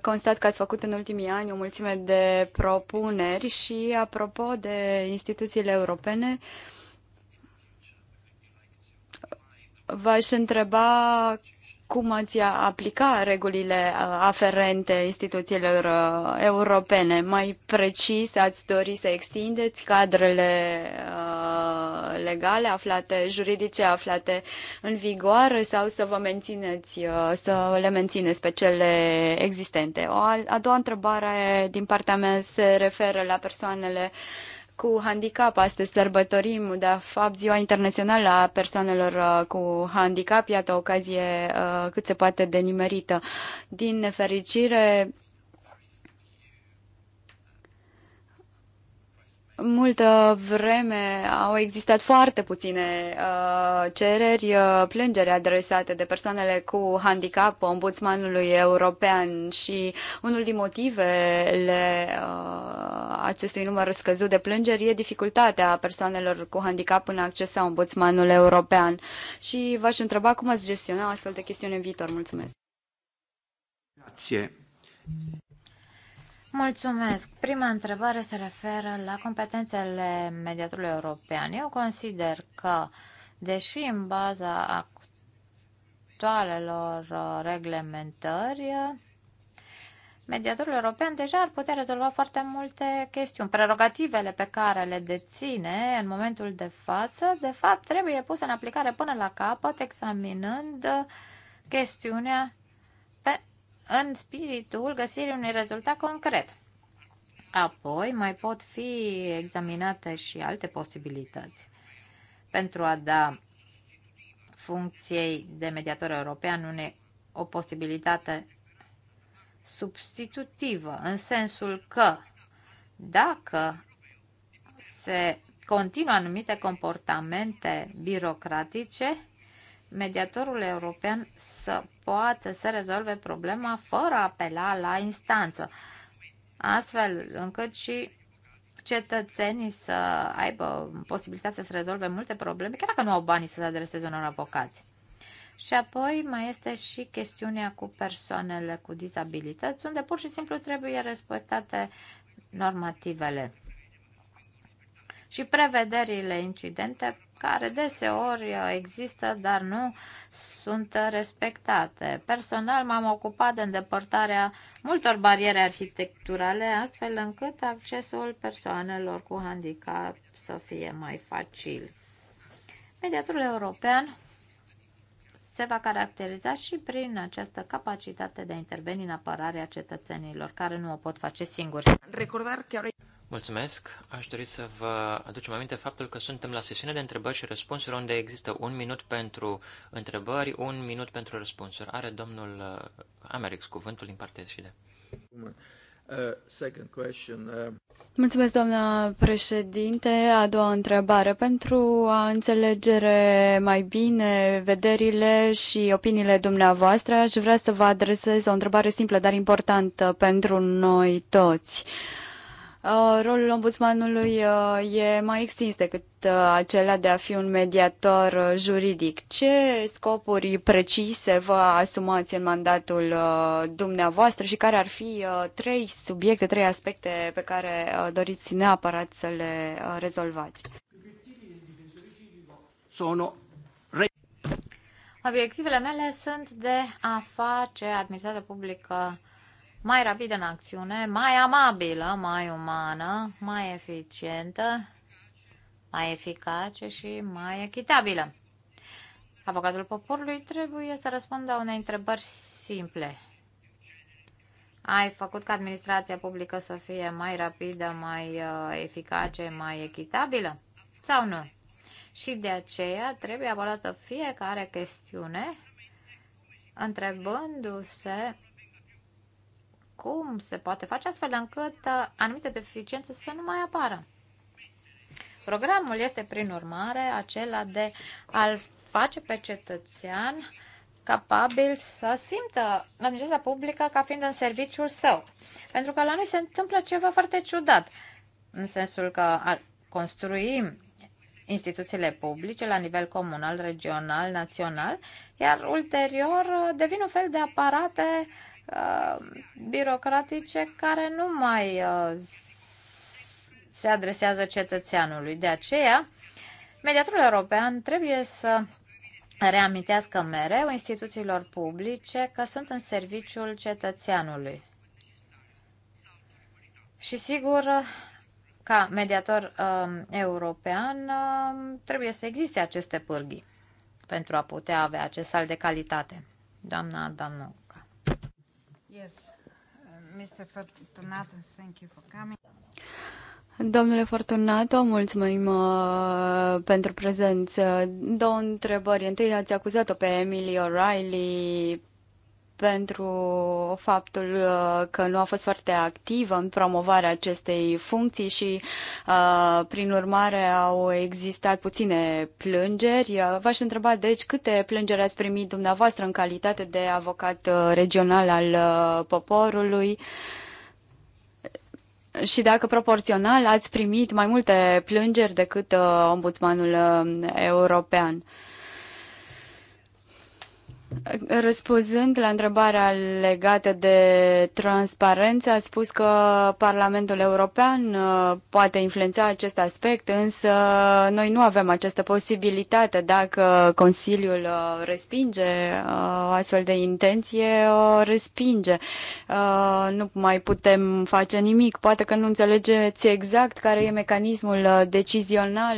constat că ați făcut în ultimii ani o mulțime de propuneri și, apropo de instituțiile europene, uh, v-aș întreba cum ați aplica regulile uh, aferente instituțiilor uh, europene? Mai precis, ați dori să extindeți cadrele uh, legale aflate, juridice aflate în vigoare sau să vă mențineți, să le mențineți pe cele existente? O a doua întrebare din partea mea se referă la persoanele uh, cu handicap. Astăzi sărbătorim, de fapt, Ziua Internațională a Persoanelor uh, cu Handicap. Iată o ocazie uh, cât se poate de nimerită. Din nefericire, multă vreme au existat foarte puține uh, cereri, uh, plângeri adresate de persoanele cu handicap ombudsmanului european și unul din motivele uh, acestui număr scăzut de plângeri e dificultatea persoanelor cu handicap în accesa ombudsmanul european. Și v-aș întreba cum ați gestiona astfel de chestiuni în viitor. Mulțumesc! Grazie. Mulțumesc. Prima întrebare se referă la competențele mediatorului european. Eu consider că, deși în baza actualelor uh, reglementări, uh, mediatorul european deja ar putea rezolva foarte multe chestiuni. Prerogativele pe care le deține în momentul de față, de fapt, trebuie puse în aplicare până la capăt, examinând uh, chestiunea în spiritul găsirii unui rezultat concret. Apoi mai pot fi examinate și alte posibilități pentru a da funcției de mediator european une, o posibilitate substitutivă, în sensul că dacă se continuă anumite comportamente birocratice, mediatorul european să poată să rezolve problema fără a apela la instanță, astfel încât și cetățenii să aibă posibilitatea să rezolve multe probleme, chiar dacă nu au banii să se adreseze unor avocați. Și apoi mai este și chestiunea cu persoanele cu dizabilități, unde pur și simplu trebuie respectate normativele și prevederile incidente care deseori există, dar nu sunt respectate. Personal m-am ocupat de îndepărtarea multor bariere arhitecturale, astfel încât accesul persoanelor cu handicap să fie mai facil. Mediatorul european se va caracteriza și prin această capacitate de a interveni în apărarea cetățenilor care nu o pot face singuri. Mulțumesc. Aș dori să vă aducem aminte faptul că suntem la sesiunea de întrebări și răspunsuri unde există un minut pentru întrebări, un minut pentru răspunsuri. Are domnul uh, Americ cuvântul din partea și de. Uh, uh, Mulțumesc, doamna președinte. A doua întrebare. Pentru a înțelegere mai bine vederile și opiniile dumneavoastră, aș vrea să vă adresez o întrebare simplă, dar importantă pentru noi toți. Uh, Uh, rolul ombudsmanului uh, e mai extins decât uh, acela de a fi un mediator juridic. Ce scopuri precise vă asumați în mandatul dumneavoastră și care ar fi trei subiecte, trei aspecte pe care doriți neapărat să le rezolvați? Sono Obiectivele mele sunt de a face administrația publică mai rapidă în acțiune, mai amabilă, mai umană, mai eficientă, mai eficace și mai echitabilă. Avocatul poporului trebuie să răspundă unei întrebări simple. Ai făcut ca administrația publică să fie mai rapidă, mai uh, eficace, mai echitabilă? Sau nu? Și de aceea trebuie abordată fiecare chestiune întrebându-se cum se poate face astfel încât uh, anumite deficiențe să nu mai apară. Programul este, prin urmare, acela de a-l face pe cetățean capabil să simtă administrația publică ca fiind în serviciul său. Pentru că la noi se întâmplă ceva foarte ciudat, în sensul că construim instituțiile publice la nivel comunal, regional, național, iar ulterior uh, devin un fel de aparate uh, Uh, birocratice care nu mai uh, se adresează cetățeanului. De aceea, mediatorul european trebuie să reamintească mereu instituțiilor publice că sunt în serviciul cetățeanului. Și sigur, ca mediator uh, european, uh, trebuie să existe aceste pârghii pentru a putea avea acest sal de calitate. Doamna Danu. Yes. Uh, Mr. Fortunato, thank you for coming. Domnule Fortunato, mulțumim uh, pentru prezență. Două întrebări. Întâi ați acuzat-o pe Emily O'Reilly pentru faptul uh, că nu a fost foarte activă în promovarea acestei funcții și, uh, prin urmare, au existat puține plângeri. Uh, v-aș întreba, deci, câte plângeri ați primit dumneavoastră în calitate de avocat regional al poporului? Și dacă proporțional ați primit mai multe plângeri decât ombudsmanul european. Răspunzând la întrebarea legată de transparență, a spus că Parlamentul European uh, poate influența acest aspect, însă noi nu avem această posibilitate. Dacă Consiliul uh, respinge o uh, astfel de intenție, o respinge. Nu mai putem face nimic. Poate că nu înțelegeți exact care e mecanismul decizional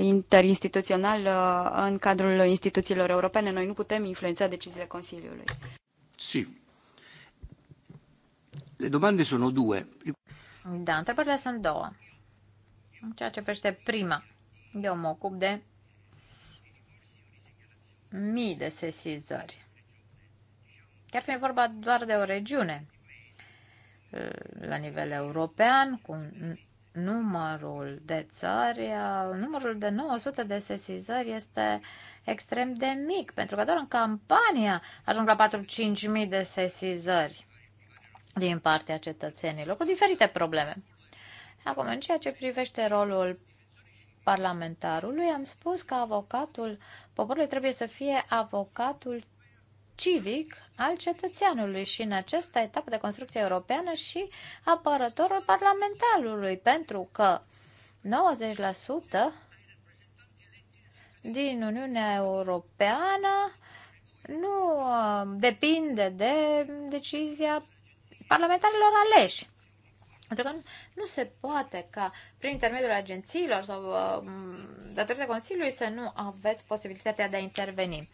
interinstituțional în cadrul instituțiilor europene. Noi nu putem putem influența deciziile Consiliului. Si. Le domande sono due. Da, întrebările sunt două. ceea ce privește prima, eu mă ocup de mii de sesizări. Chiar fi vorba doar de o regiune la nivel european, cu numărul de țări, uh, numărul de 900 de sesizări este extrem de mic, pentru că doar în campania ajung la 4-5 de sesizări din partea cetățenilor, cu diferite probleme. Acum, în ceea ce privește rolul parlamentarului, am spus că avocatul poporului trebuie să fie avocatul civic al cetățeanului și în această etapă de construcție europeană și apărătorul parlamentarului, pentru că 90% din Uniunea Europeană nu uh, depinde de decizia parlamentarilor aleși. Pentru că nu se poate ca prin intermediul agențiilor sau uh, datorită Consiliului să nu aveți posibilitatea de a interveni.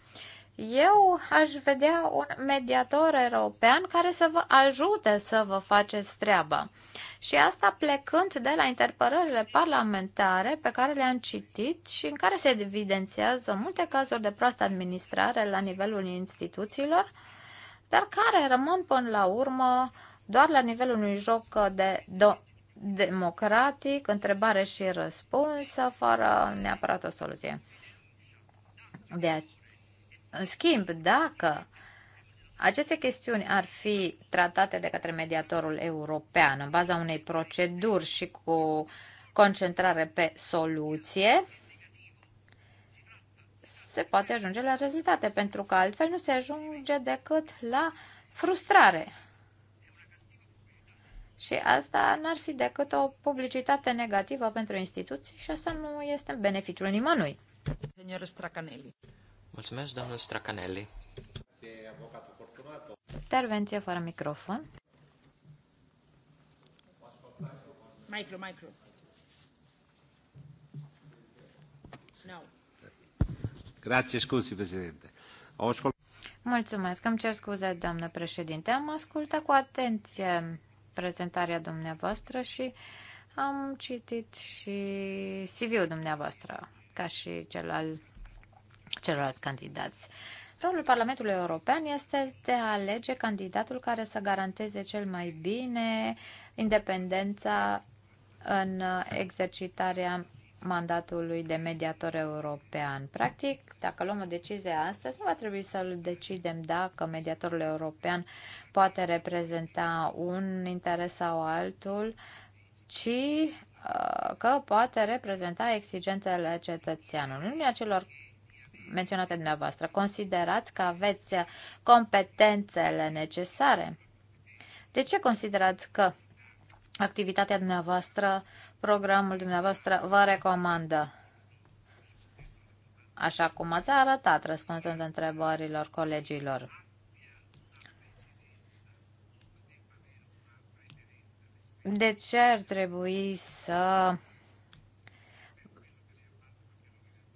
Eu aș vedea un mediator european care să vă ajute să vă faceți treaba. Și asta plecând de la interpărările parlamentare pe care le-am citit și în care se evidențiază multe cazuri de proastă administrare la nivelul instituțiilor, dar care rămân până la urmă doar la nivelul unui joc de do- democratic, întrebare și răspuns, fără neapărat o soluție. De aceea, în schimb, dacă aceste chestiuni ar fi tratate de către mediatorul european în baza unei proceduri și cu concentrare pe soluție, se poate ajunge la rezultate, pentru că altfel nu se ajunge decât la frustrare. Și asta n-ar fi decât o publicitate negativă pentru instituții și asta nu este în beneficiul nimănui. Stracanelli. Mulțumesc, domnul Stracanelli. Intervenție fără microfon. Micro, micro. No. Grazie, scusi, președinte. Mulțumesc, îmi cer scuze, doamnă președinte. Am ascultat cu atenție prezentarea dumneavoastră și am citit și CV-ul dumneavoastră, ca și cel al celorlalți candidați. Rolul Parlamentului European este de a alege candidatul care să garanteze cel mai bine independența în exercitarea mandatului de mediator european. Practic, dacă luăm o decizie astăzi, nu va trebui să decidem dacă mediatorul european poate reprezenta un interes sau altul, ci uh, că poate reprezenta exigențele cetățeanului. Uniunea celor menționate dumneavoastră, considerați că aveți competențele necesare? De ce considerați că activitatea dumneavoastră, programul dumneavoastră vă recomandă? Așa cum ați arătat răspunsând întrebărilor colegilor. De ce ar trebui să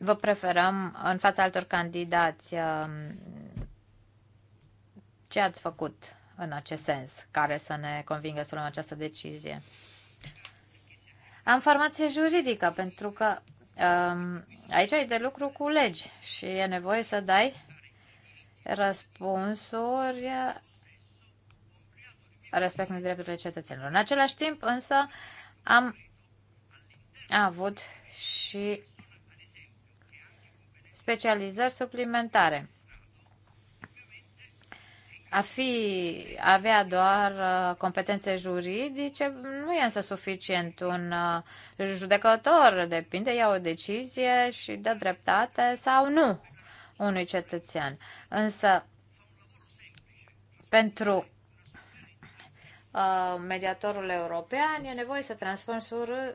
vă preferăm în fața altor candidați. Um, ce ați făcut în acest sens care să ne convingă să luăm această decizie? Am formație juridică pentru că um, aici ai de lucru cu legi și e nevoie să dai răspunsuri respectând drepturile cetățenilor. În același timp, însă, am avut și specializări suplimentare. A fi, a avea doar uh, competențe juridice nu e însă suficient. Un uh, judecător depinde, ia o decizie și dă dreptate sau nu unui cetățean. Însă, pentru uh, mediatorul european e nevoie să transform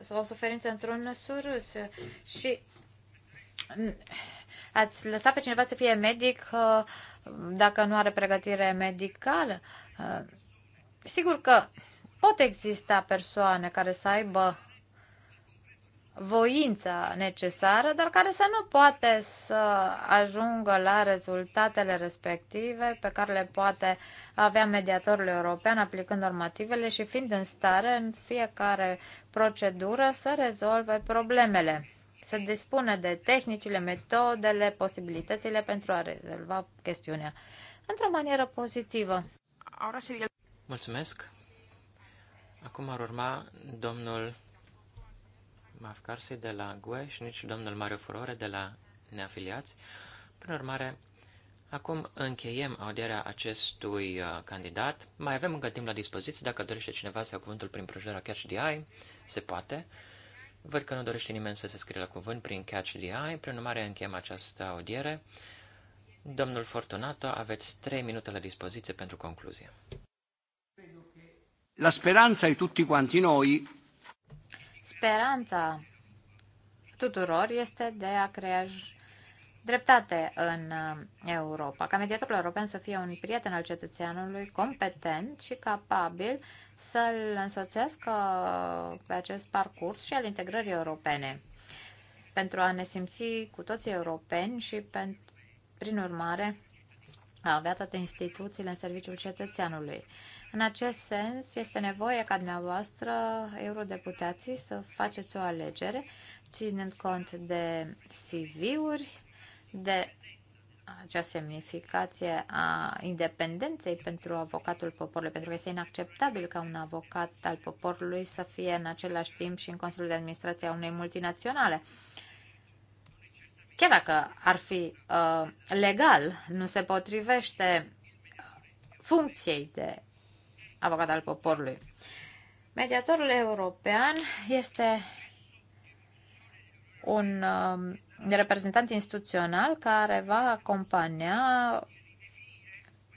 o suferință într-un surâs și Ați lăsat pe cineva să fie medic uh, dacă nu are pregătire medicală? Uh, sigur că pot exista persoane care să aibă voința necesară, dar care să nu poate să ajungă la rezultatele respective pe care le poate avea mediatorul european aplicând normativele și fiind în stare în fiecare procedură să rezolve problemele să dispună de tehnicile, metodele, posibilitățile pentru a rezolva chestiunea într-o manieră pozitivă. Mulțumesc! Acum ar urma domnul Mafcarsi de la GUE și nici domnul Mario Furore de la Neafiliați. Prin urmare, acum încheiem audierea acestui uh, candidat. Mai avem încă timp la dispoziție. Dacă dorește cineva să ia cuvântul prin prăjura Cash se poate. Văd că nu dorește nimeni să se scrie la cuvânt prin Catch the Eye, prin urmare încheiem această audiere. Domnul Fortunato, aveți trei minute la dispoziție pentru concluzie. La speranța e tutti quanti noi. Speranța tuturor este de a crea dreptate în uh, Europa, ca mediatorul european să fie un prieten al cetățeanului competent și capabil să-l însoțească pe acest parcurs și al integrării europene, pentru a ne simți cu toții europeni și, pentru, prin urmare, a avea toate instituțiile în serviciul cetățeanului. În acest sens, este nevoie ca dumneavoastră, eurodeputații, să faceți o alegere, ținând cont de CV-uri, de acea semnificație a independenței pentru avocatul poporului, pentru că este inacceptabil ca un avocat al poporului să fie în același timp și în Consiliul de Administrație a unei multinaționale. Chiar dacă ar fi uh, legal, nu se potrivește funcției de avocat al poporului. Mediatorul european este un uh, reprezentant instituțional care va acompania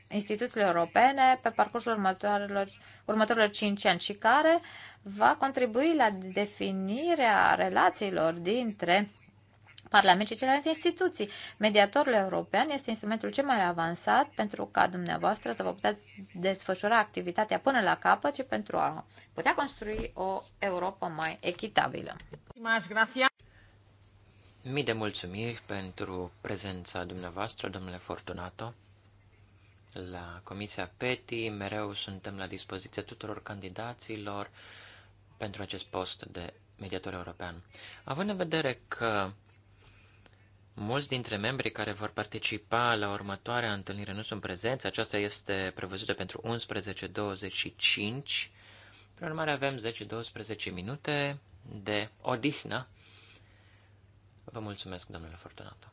instituțiile europene pe parcursul următorilor, următorilor 5 ani și care va contribui la definirea relațiilor dintre Parlament și celelalte instituții. Mediatorul european este instrumentul cel mai avansat pentru ca dumneavoastră să vă puteți desfășura activitatea până la capăt și pentru a putea construi o Europa mai echitabilă. Mii de mulțumiri pentru prezența dumneavoastră, domnule Fortunato. La Comisia PETI mereu suntem la dispoziția tuturor candidaților pentru acest post de mediator european. Având în vedere că mulți dintre membrii care vor participa la următoarea întâlnire nu sunt prezenți, aceasta este prevăzută pentru 11.25, prin urmare avem 10-12 minute de odihnă Vă mulțumesc, domnule Fortunato.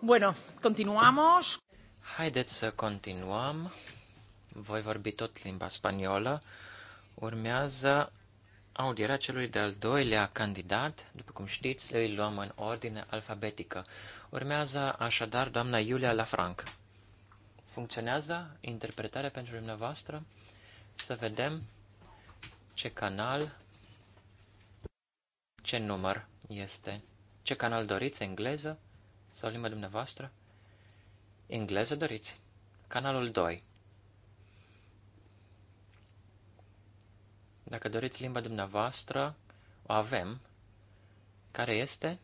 Bueno, continuamos. Haideți să continuăm. Voi vorbi tot limba spaniolă. Urmează audierea celui de-al doilea candidat. După cum știți, le luăm în ordine alfabetică. Urmează așadar doamna Iulia Lafranc. Funcționează interpretarea pentru dumneavoastră? Să vedem ce canal, ce număr este. Ce canal doriți, engleză? sau limba dumneavoastră? Engleză doriți? Canalul 2. Dacă doriți limba dumneavoastră, o avem. Care este?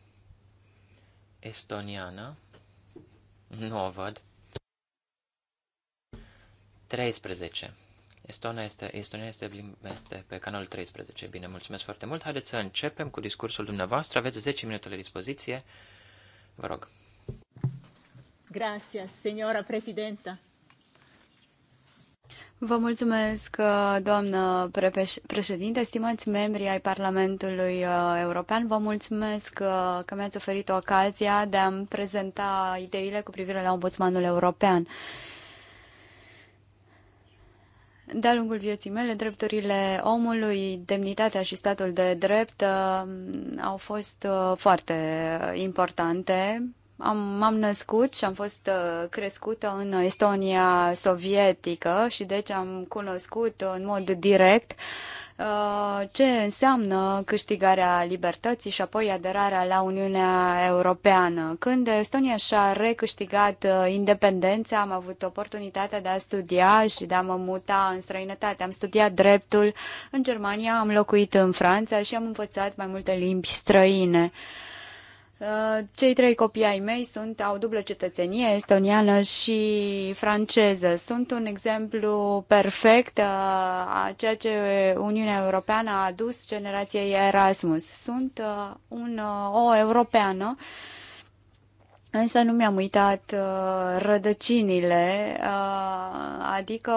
Estoniană. Nu o văd. 13. Estonia este, Estonia este, este pe canalul 13. Bine, mulțumesc foarte mult. Haideți să începem cu discursul dumneavoastră. Aveți 10 minute la dispoziție. Vă rog. Gracias, señora presidenta. Vă mulțumesc, uh, doamnă președinte, stimați membri ai Parlamentului uh, European. Vă mulțumesc uh, că mi-ați oferit ocazia de a-mi prezenta ideile cu privire la Ombudsmanul European. De-a lungul vieții mele, drepturile omului, demnitatea și statul de drept au fost foarte importante am, m-am născut și am fost uh, crescută în Estonia sovietică și deci am cunoscut în mod direct uh, ce înseamnă câștigarea libertății și apoi aderarea la Uniunea Europeană. Când Estonia și-a recâștigat uh, independența, am avut oportunitatea de a studia și de a mă muta în străinătate. Am studiat dreptul în Germania, am locuit în Franța și am învățat mai multe limbi străine. Uh, Uh, cei trei copii ai mei sunt, au dublă cetățenie, estoniană și franceză. Sunt un exemplu perfect uh, a ceea ce Uniunea Europeană a adus generației Erasmus. Sunt uh, un, o europeană Însă nu mi-am uitat rădăcinile, adică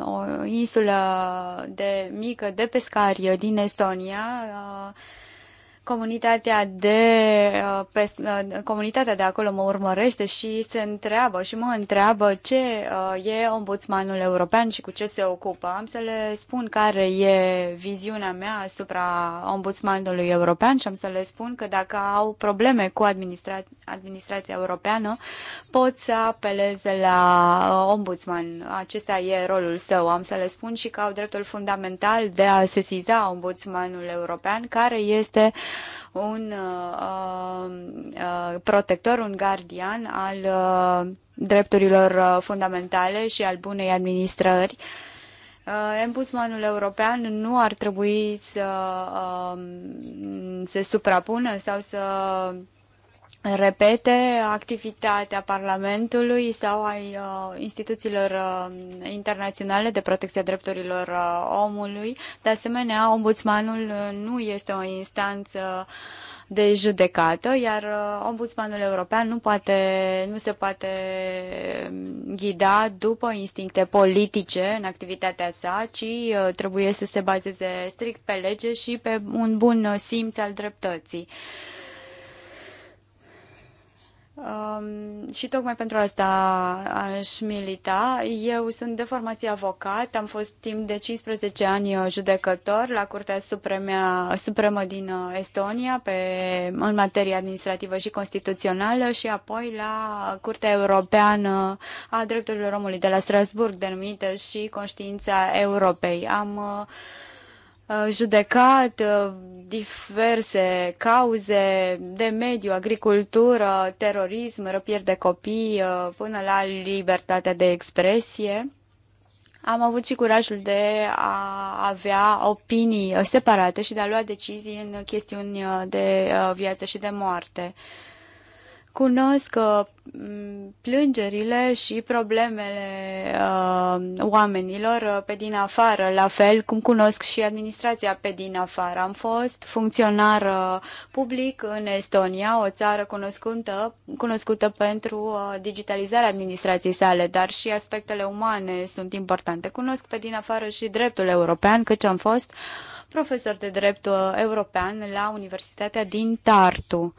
o insulă de mică de pescari din Estonia comunitatea de, uh, pe, uh, comunitatea de acolo mă urmărește și se întreabă și mă întreabă ce uh, e ombudsmanul european și cu ce se ocupă. Am să le spun care e viziunea mea asupra ombudsmanului european și am să le spun că dacă au probleme cu administra- administrația europeană, pot să apeleze la ombudsman. Acesta e rolul său. Am să le spun și că au dreptul fundamental de a sesiza ombudsmanul european, care este uh, un uh, uh, uh, protector, un gardian al drepturilor fundamentale și al bunei administrări. Ombudsmanul european nu ar trebui să um, se suprapună sau să repete activitatea Parlamentului sau ai uh, instituțiilor uh, internaționale de protecție a drepturilor uh, omului. De asemenea, ombudsmanul uh, nu este o instanță de judecată, iar uh, ombudsmanul european nu, poate, nu se poate ghida după instincte politice în activitatea sa, ci uh, trebuie să se bazeze strict pe lege și pe un bun simț al dreptății. Uh, Um, și tocmai pentru asta aș milita. Eu sunt de formație avocat, am fost timp de 15 ani judecător la Curtea Supremea, Supremă din uh, Estonia pe, în materie administrativă și constituțională și apoi la Curtea Europeană a Drepturilor Omului de la Strasburg, denumită și Conștiința Europei. Am uh, Uh, judecat uh, diverse cauze de mediu, agricultură, terorism, răpiri de copii, uh, până la libertatea de expresie. Am avut și curajul de a avea opinii separate și de a lua decizii în chestiuni de viață și de moarte. Uh, cunosc uh, plângerile și problemele uh, oamenilor uh, pe din afară, la fel cum cunosc și administrația pe din afară. Am fost funcționar uh, public în Estonia, o țară cunoscută, cunoscută pentru uh, digitalizarea administrației sale, dar și aspectele umane sunt importante. Cunosc pe din afară și dreptul european, căci am fost profesor de drept uh, european la Universitatea din Tartu.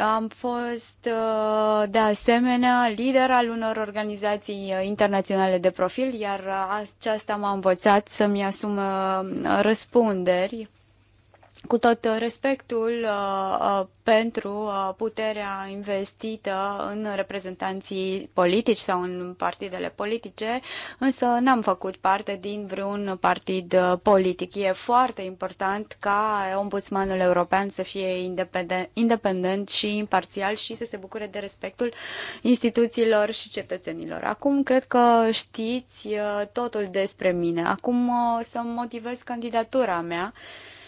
Am fost, uh, de asemenea, lider al unor organizații uh, internaționale de profil, iar uh, aceasta m-a învățat să-mi asum răspunderi cu tot uh, respectul uh, uh pentru uh, puterea investită în reprezentanții politici sau în partidele politice, însă n-am făcut parte din vreun partid politic. E foarte important ca ombudsmanul european să fie independent, independent și imparțial și să se bucure de respectul instituțiilor și cetățenilor. Acum cred că știți totul despre mine. Acum să să motivez candidatura mea. Uh,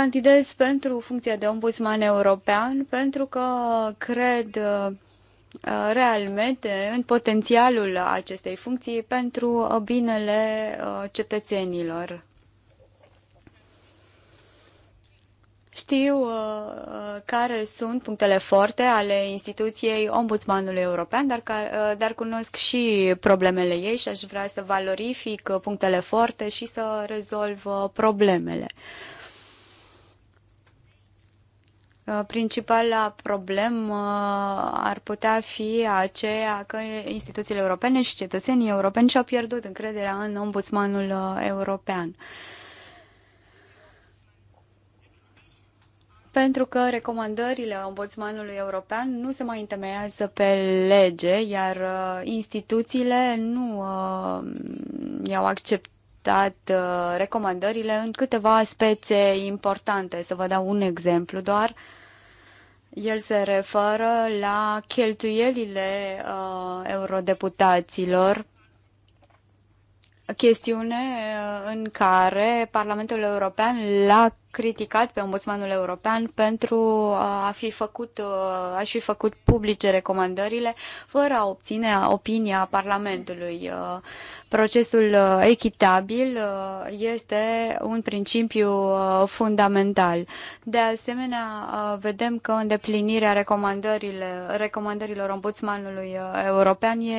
Candidez pentru funcția de ombudsman european pentru că cred uh, realmente în potențialul acestei funcții pentru uh, binele uh, cetățenilor. Știu care sunt punctele forte ale instituției Ombudsmanului European, dar, dar cunosc și problemele ei și aș vrea să valorific punctele forte și să rezolv problemele. Uh, principala problemă uh, ar putea fi aceea că instituțiile europene și cetățenii europeni și-au pierdut încrederea în ombudsmanul uh, european. pentru că recomandările ombudsmanului european nu se mai întemeiază pe lege, iar instituțiile nu uh, i-au accept, adoptat uh, recomandările în câteva aspecte importante. Să vă dau un exemplu doar. El se referă la cheltuielile uh, eurodeputaților, chestiune uh, în care Parlamentul European la criticat pe ombudsmanul european pentru uh, a fi făcut, uh, a fi făcut publice recomandările fără a obține opinia Parlamentului. Uh, procesul echitabil este un principiu fundamental. De asemenea, vedem că îndeplinirea recomandărilor ombudsmanului european e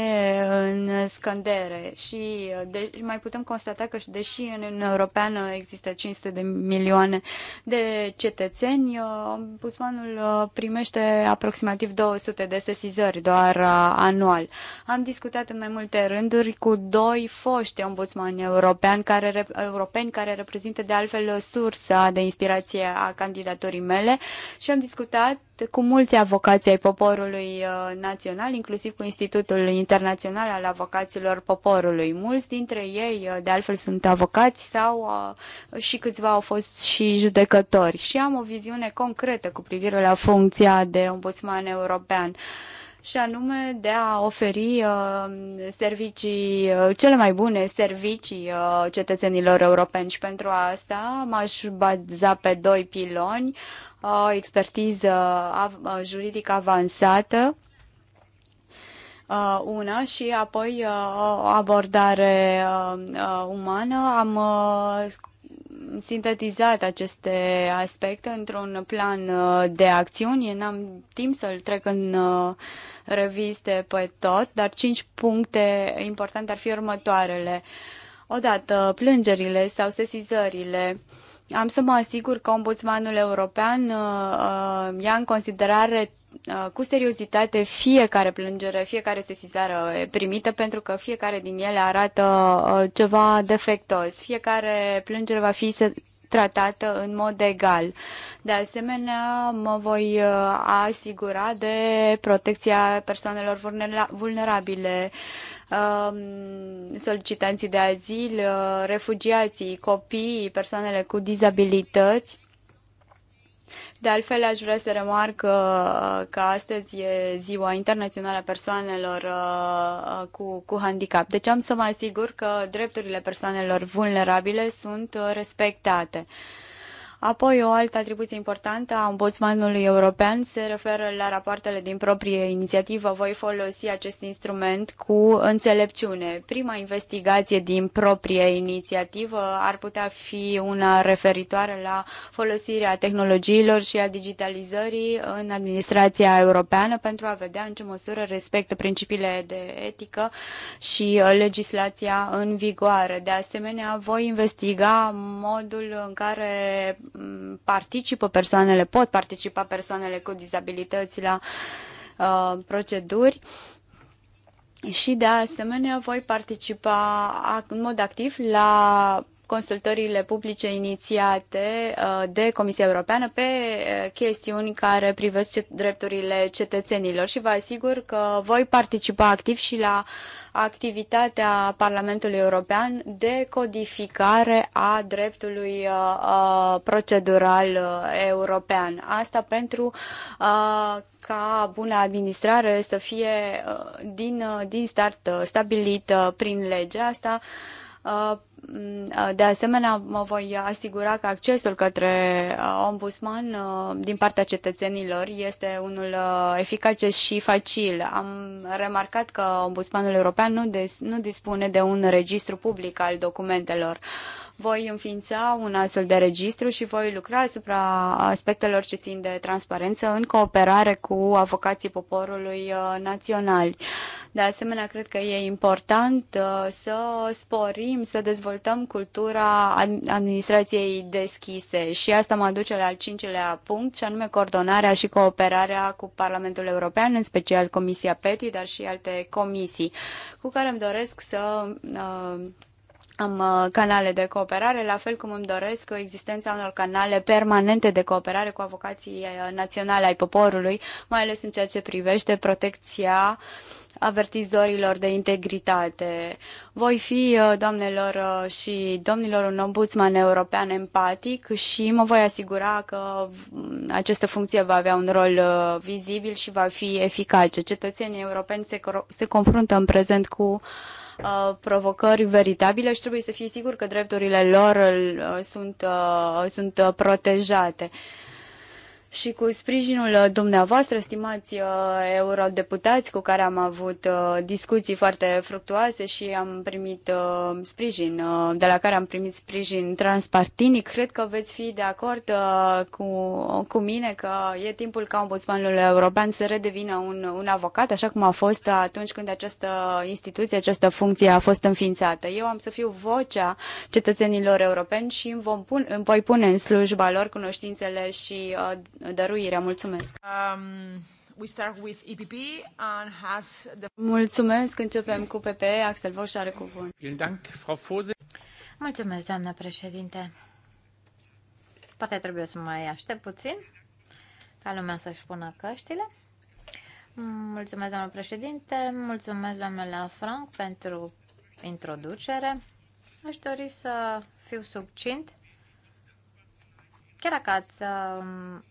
în scândere și de, mai putem constata că deși în Uniunea Europeană există 500 de milioane de cetățeni, ombudsmanul uh, primește aproximativ 200 de sesizări doar uh, anual. Am discutat în mai multe rânduri cu doi foști ombudsmani europeani care, europeni care reprezintă de altfel sursa de inspirație a candidaturii mele și am discutat cu mulți avocații ai poporului uh, național, inclusiv cu Institutul Internațional al Avocaților Poporului. Mulți dintre ei, uh, de altfel, sunt avocați sau uh, și câțiva au fost și judecători. Și am o viziune concretă cu privire la funcția de ombudsman european și anume de a oferi uh, servicii, uh, cele mai bune servicii uh, cetățenilor europeni și pentru asta m-aș baza pe doi piloni, o expertiză juridică avansată, una și apoi o abordare umană. Am sintetizat aceste aspecte într-un plan de acțiuni. N-am timp să-l trec în reviste pe tot, dar cinci puncte importante ar fi următoarele. Odată, plângerile sau sesizările. Am să mă asigur că ombudsmanul european uh, uh ia în considerare uh, cu seriozitate fiecare plângere, fiecare sesizare uh, primită, pentru că fiecare din ele arată ceva defectos. Fiecare plângere va fi tratată în mod egal. De asemenea, mă voi uh, asigura de protecția persoanelor vulnerabile, um, solicitanții de azil, uh, refugiații, copiii, persoanele cu dizabilități de altfel, aș vrea să remarc uh, că astăzi e ziua internațională a persoanelor uh, uh, cu, cu handicap. Deci am să mă asigur că drepturile persoanelor vulnerabile sunt respectate. Apoi, o altă atribuție importantă a ombudsmanului european se referă la rapoartele din proprie inițiativă. Voi folosi acest instrument cu înțelepciune. Prima investigație din proprie inițiativă ar putea fi una referitoare la folosirea tehnologiilor și a digitalizării în administrația europeană pentru a vedea în ce măsură respectă principiile de etică și legislația în vigoare. De asemenea, voi investiga modul în care participă persoanele, pot participa persoanele cu dizabilități la uh, proceduri. Și de asemenea voi participa în mod activ la consultările publice inițiate uh, de Comisia Europeană pe uh, chestiuni care privesc drepturile cetățenilor și vă asigur că voi participa activ și la uh, activitatea Parlamentului European de codificare a dreptului uh, uh, procedural uh, european. Asta pentru ca buna administrare să fie din, din start stabilită prin lege. Asta de asemenea, mă voi asigura că accesul către uh, ombudsman uh, din partea cetățenilor este unul uh, eficace și facil. Am remarcat că ombudsmanul european nu, dis- nu dispune de un registru public al documentelor. Uh, voi înființa un astfel de registru și voi lucra asupra aspectelor ce țin de transparență în cooperare cu avocații poporului uh, naționali. De asemenea, cred că e important uh, să sporim, să dezvoltăm cultura administrației deschise și asta mă duce la al cincilea punct, și anume coordonarea și cooperarea cu Parlamentul European, în special Comisia PETI, dar și alte comisii, cu care îmi doresc să uh, am uh, canale de cooperare, la fel cum îmi doresc existența unor canale permanente de cooperare cu avocații uh, naționale ai poporului, mai ales în ceea ce privește protecția avertizorilor de integritate. Voi fi, uh, doamnelor și domnilor, un ombudsman european empatic și mă voi asigura că mm, această funcție va avea un rol vizibil și va fi eficace. Cetățenii europeni se, se confruntă în prezent cu uh, Uh, provocări veritabile și trebuie să fie sigur că drepturile lor uh, sunt, uh, sunt uh, protejate. Uh, și cu sprijinul uh, dumneavoastră, stimați uh, eurodeputați cu care am avut uh, discuții foarte fructuoase și am primit sprijin, de la care am primit sprijin transpartinic, cred că veți fi de acord cu, cu mine că e timpul ca ombudsmanul european să redevină un, un avocat, așa cum a fost atunci când această instituție, această funcție a fost înființată. Eu am să fiu vocea cetățenilor europeni și îmi, vom pun, îmi voi pune în slujba lor cunoștințele și dăruirea. Mulțumesc! Um... We start with EPP and has the... Mulțumesc, începem cu PP. Axel Voș are cuvânt. Mulțumesc, doamnă președinte. Poate trebuie să mai aștept puțin ca lumea să-și pună căștile. Mulțumesc, doamnă președinte. Mulțumesc, doamnă Frank, pentru introducere. Aș dori să fiu succint. Chiar dacă ați um,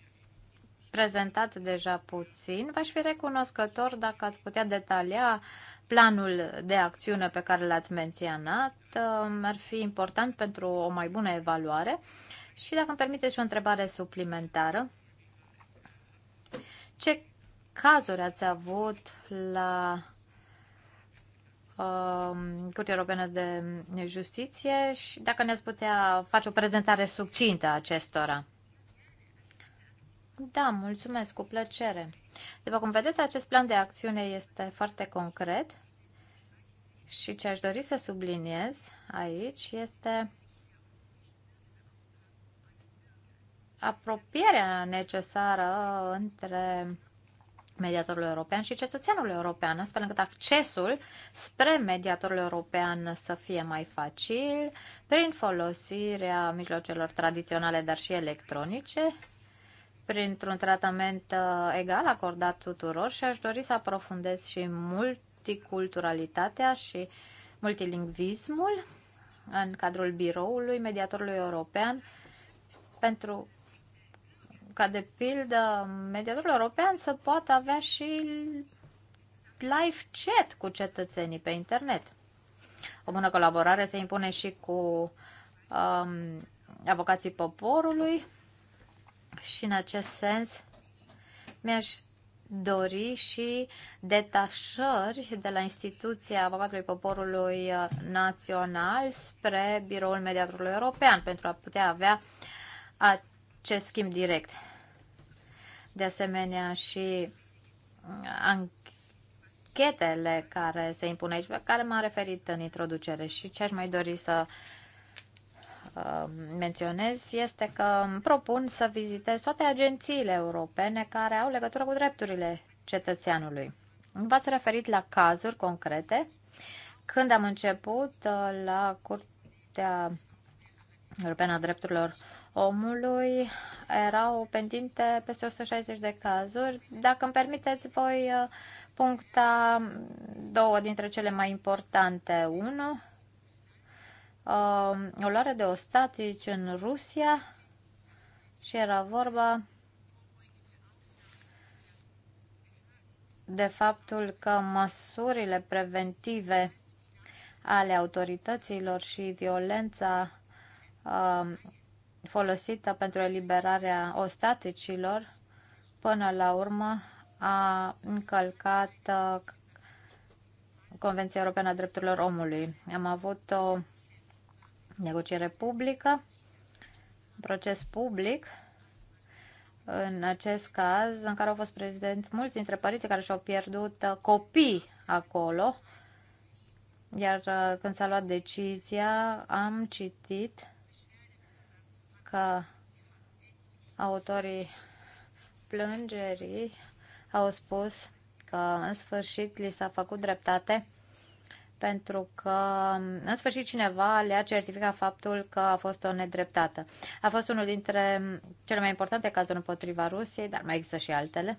prezentat deja puțin. V-aș fi recunoscător dacă ați putea detalia planul de acțiune pe care l-ați menționat. Um, ar fi important pentru o mai bună evaluare. Și dacă îmi permiteți o întrebare suplimentară, ce cazuri ați avut la um, Curtea Europeană de Justiție și dacă ne-ați putea face o prezentare succintă acestora. Da, mulțumesc, cu plăcere. După cum vedeți, acest plan de acțiune este foarte concret și ce aș dori să subliniez aici este apropierea necesară între mediatorul european și cetățeanul european, astfel încât accesul spre mediatorul european să fie mai facil prin folosirea mijloacelor tradiționale, dar și electronice, printr-un tratament uh, egal acordat tuturor și aș dori să aprofundez și multiculturalitatea și multilingvismul în cadrul biroului mediatorului european pentru ca de pildă mediatorul european să poată avea și live chat cu cetățenii pe internet. O bună colaborare se impune și cu um, avocații poporului și în acest sens mi-aș dori și detașări de la instituția avocatului poporului uh, național spre biroul mediatorului european pentru a putea avea acest schimb direct. De asemenea și uh, anchetele care se impun aici, pe care m-am referit în introducere și ce aș mai dori să Uh, menționez este că îmi propun să vizitez toate agențiile europene care au legătură cu drepturile cetățeanului. V-ați referit la cazuri concrete. Când am început uh, la Curtea Europeană a Drepturilor Omului, erau pendinte peste 160 de cazuri. Dacă îmi permiteți, voi uh, puncta două dintre cele mai importante. Unu, Um, o luare de ostatici în Rusia și era vorba de faptul că măsurile preventive ale autorităților și violența uh, folosită pentru eliberarea ostaticilor până la urmă a încălcat uh, Convenția Europeană a Drepturilor Omului. Am avut o negociere publică, proces public, în acest caz, în care au fost prezenți mulți dintre părinții care și-au pierdut uh, copii acolo, iar uh, când s-a luat decizia, am citit că autorii plângerii au spus că în sfârșit li s-a făcut dreptate pentru că în sfârșit cineva le-a certificat faptul că a fost o nedreptată. A fost unul dintre cele mai importante cazuri împotriva Rusiei, dar mai există și altele.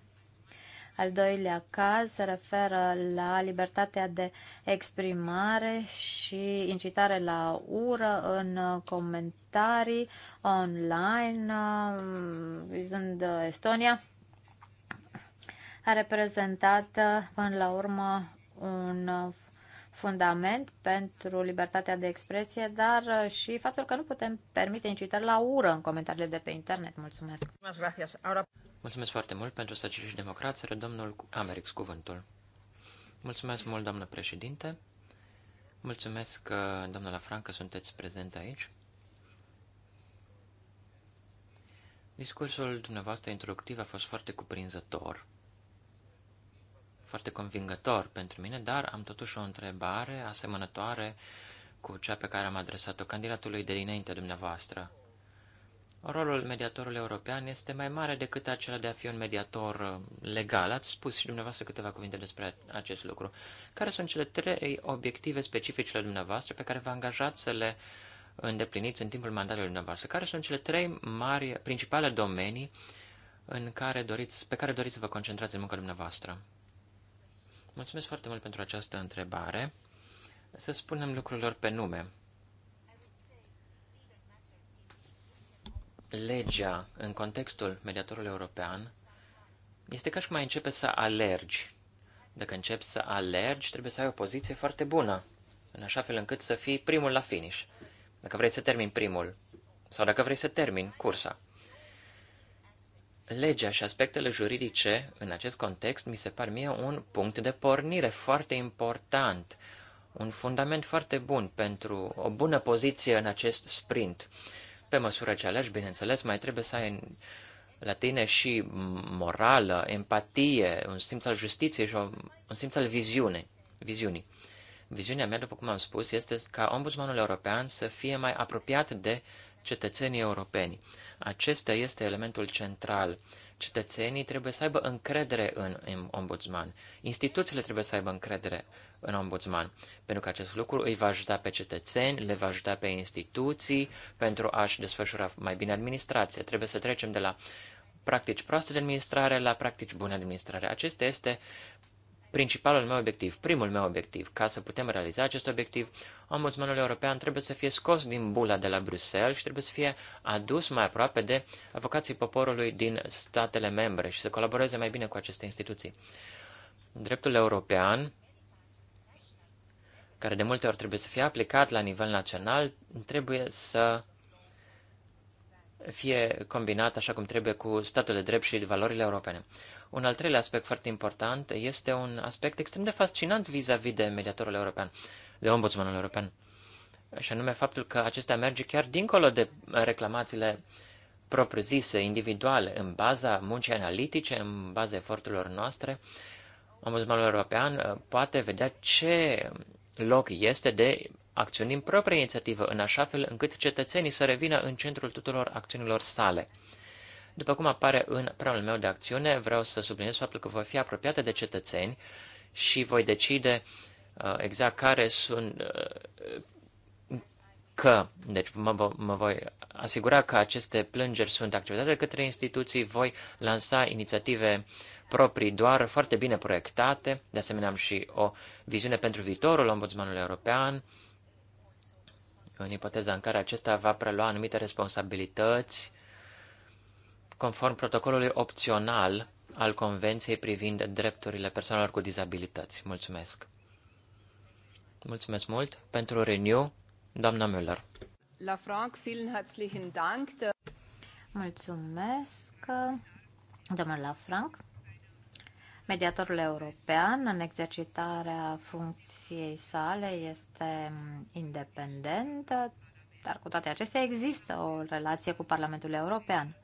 Al doilea caz se referă la libertatea de exprimare și incitare la ură în comentarii online, vizând Estonia. A reprezentat până la urmă un fundament pentru libertatea de expresie, dar uh, și faptul că nu putem permite incitări la ură în comentariile de pe internet. Mulțumesc! Mulțumesc foarte mult pentru Socialiști și Democrați, domnul Americ cuvântul. Mulțumesc mult, doamnă președinte. Mulțumesc, uh, doamna Franca, sunteți prezent aici. Discursul dumneavoastră introductiv a fost foarte cuprinzător foarte convingător pentru mine, dar am totuși o întrebare asemănătoare cu cea pe care am adresat-o candidatului de dinainte dumneavoastră. Rolul mediatorului european este mai mare decât acela de a fi un mediator uh, legal. Ați spus și dumneavoastră câteva cuvinte despre acest lucru. Care sunt cele trei obiective specifice la dumneavoastră pe care vă angajați să le îndepliniți în timpul mandatului dumneavoastră? Care sunt cele trei mari, principale domenii în care doriți, pe care doriți să vă concentrați în munca dumneavoastră? Mulțumesc foarte mult pentru această întrebare. Să spunem lucrurilor pe nume. Legea, în contextul mediatorului european, este ca și cum ai începe să alergi. Dacă începi să alergi, trebuie să ai o poziție foarte bună, în așa fel încât să fii primul la finish. Dacă vrei să termini primul, sau dacă vrei să termini cursa. Legea și aspectele juridice în acest context mi se par mie un punct de pornire foarte important, un fundament foarte bun pentru o bună poziție în acest sprint. Pe măsură ce alegi, bineînțeles, mai trebuie să ai la tine și morală, empatie, un simț al justiției și un simț al viziune, viziunii. Viziunea mea, după cum am spus, este ca ombudsmanul european să fie mai apropiat de uh, cetățenii europeni. Acesta este elementul central. Cetățenii trebuie să aibă încredere în, în ombudsman. Instituțiile trebuie să aibă încredere în ombudsman, pentru că acest lucru îi va ajuta pe cetățeni, le va ajuta pe instituții pentru a-și desfășura mai bine administrația. Trebuie să trecem de la practici proaste de administrare la practici bune de administrare. Acesta este principalul meu obiectiv, primul meu obiectiv. Ca să putem realiza acest obiectiv, ombudsmanul european trebuie să fie scos din bula de la Bruxelles și trebuie să fie adus mai aproape de avocații poporului din statele membre și să colaboreze mai bine cu aceste instituții. Dreptul european, care de multe ori trebuie să fie aplicat la nivel național, trebuie să fie combinat așa cum trebuie cu statul de drept și valorile europene. Un al treilea aspect foarte important este un aspect extrem de fascinant vis-a-vis -vis de mediatorul european, de ombudsmanul european. Și anume faptul că acesta merge chiar dincolo de reclamațiile propriu-zise, individuale, în baza muncii analitice, în baza eforturilor noastre, ombudsmanul european uh, poate vedea ce loc este de acțiuni în proprie inițiativă, în așa fel încât cetățenii să revină în centrul tuturor acțiunilor sale. După cum apare în planul meu de acțiune, vreau să subliniez faptul că voi fi apropiată de cetățeni și voi decide uh, exact care sunt uh, că, deci mă, mă voi asigura că aceste plângeri sunt acceptate de către instituții, voi lansa inițiative proprii doar foarte bine proiectate, de asemenea am și o viziune pentru viitorul ombudsmanului european, în ipoteza în care acesta va prelua anumite responsabilități conform protocolului opțional al Convenției privind drepturile persoanelor cu dizabilități. Mulțumesc! Mulțumesc mult pentru Renew, doamna Müller. La Frank, vielen herzlichen Dank. Mulțumesc, domnul Frank. Mediatorul european, în exercitarea funcției sale, este independent, dar cu toate acestea există o relație cu Parlamentul European.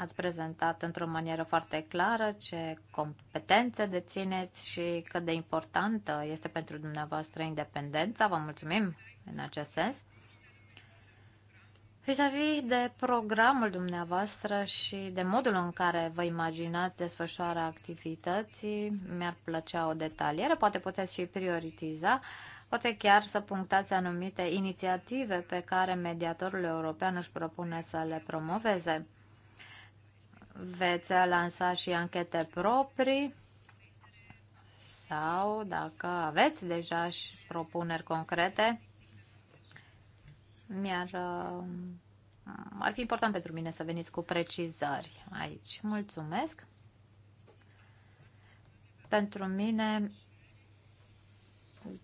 Ați prezentat într-o manieră foarte clară ce competențe dețineți și cât de importantă este pentru dumneavoastră independența. Vă mulțumim în acest sens. Vis-a-vis de programul dumneavoastră și de modul în care vă imaginați desfășoarea activității, mi-ar plăcea o detaliere, poate puteți și prioritiza, poate chiar să punctați anumite inițiative pe care mediatorul european își propune să le promoveze veți lansa și anchete proprii sau dacă aveți deja și propuneri concrete, mi-ar uh, ar fi important pentru mine să veniți cu precizări aici. Mulțumesc! Pentru mine,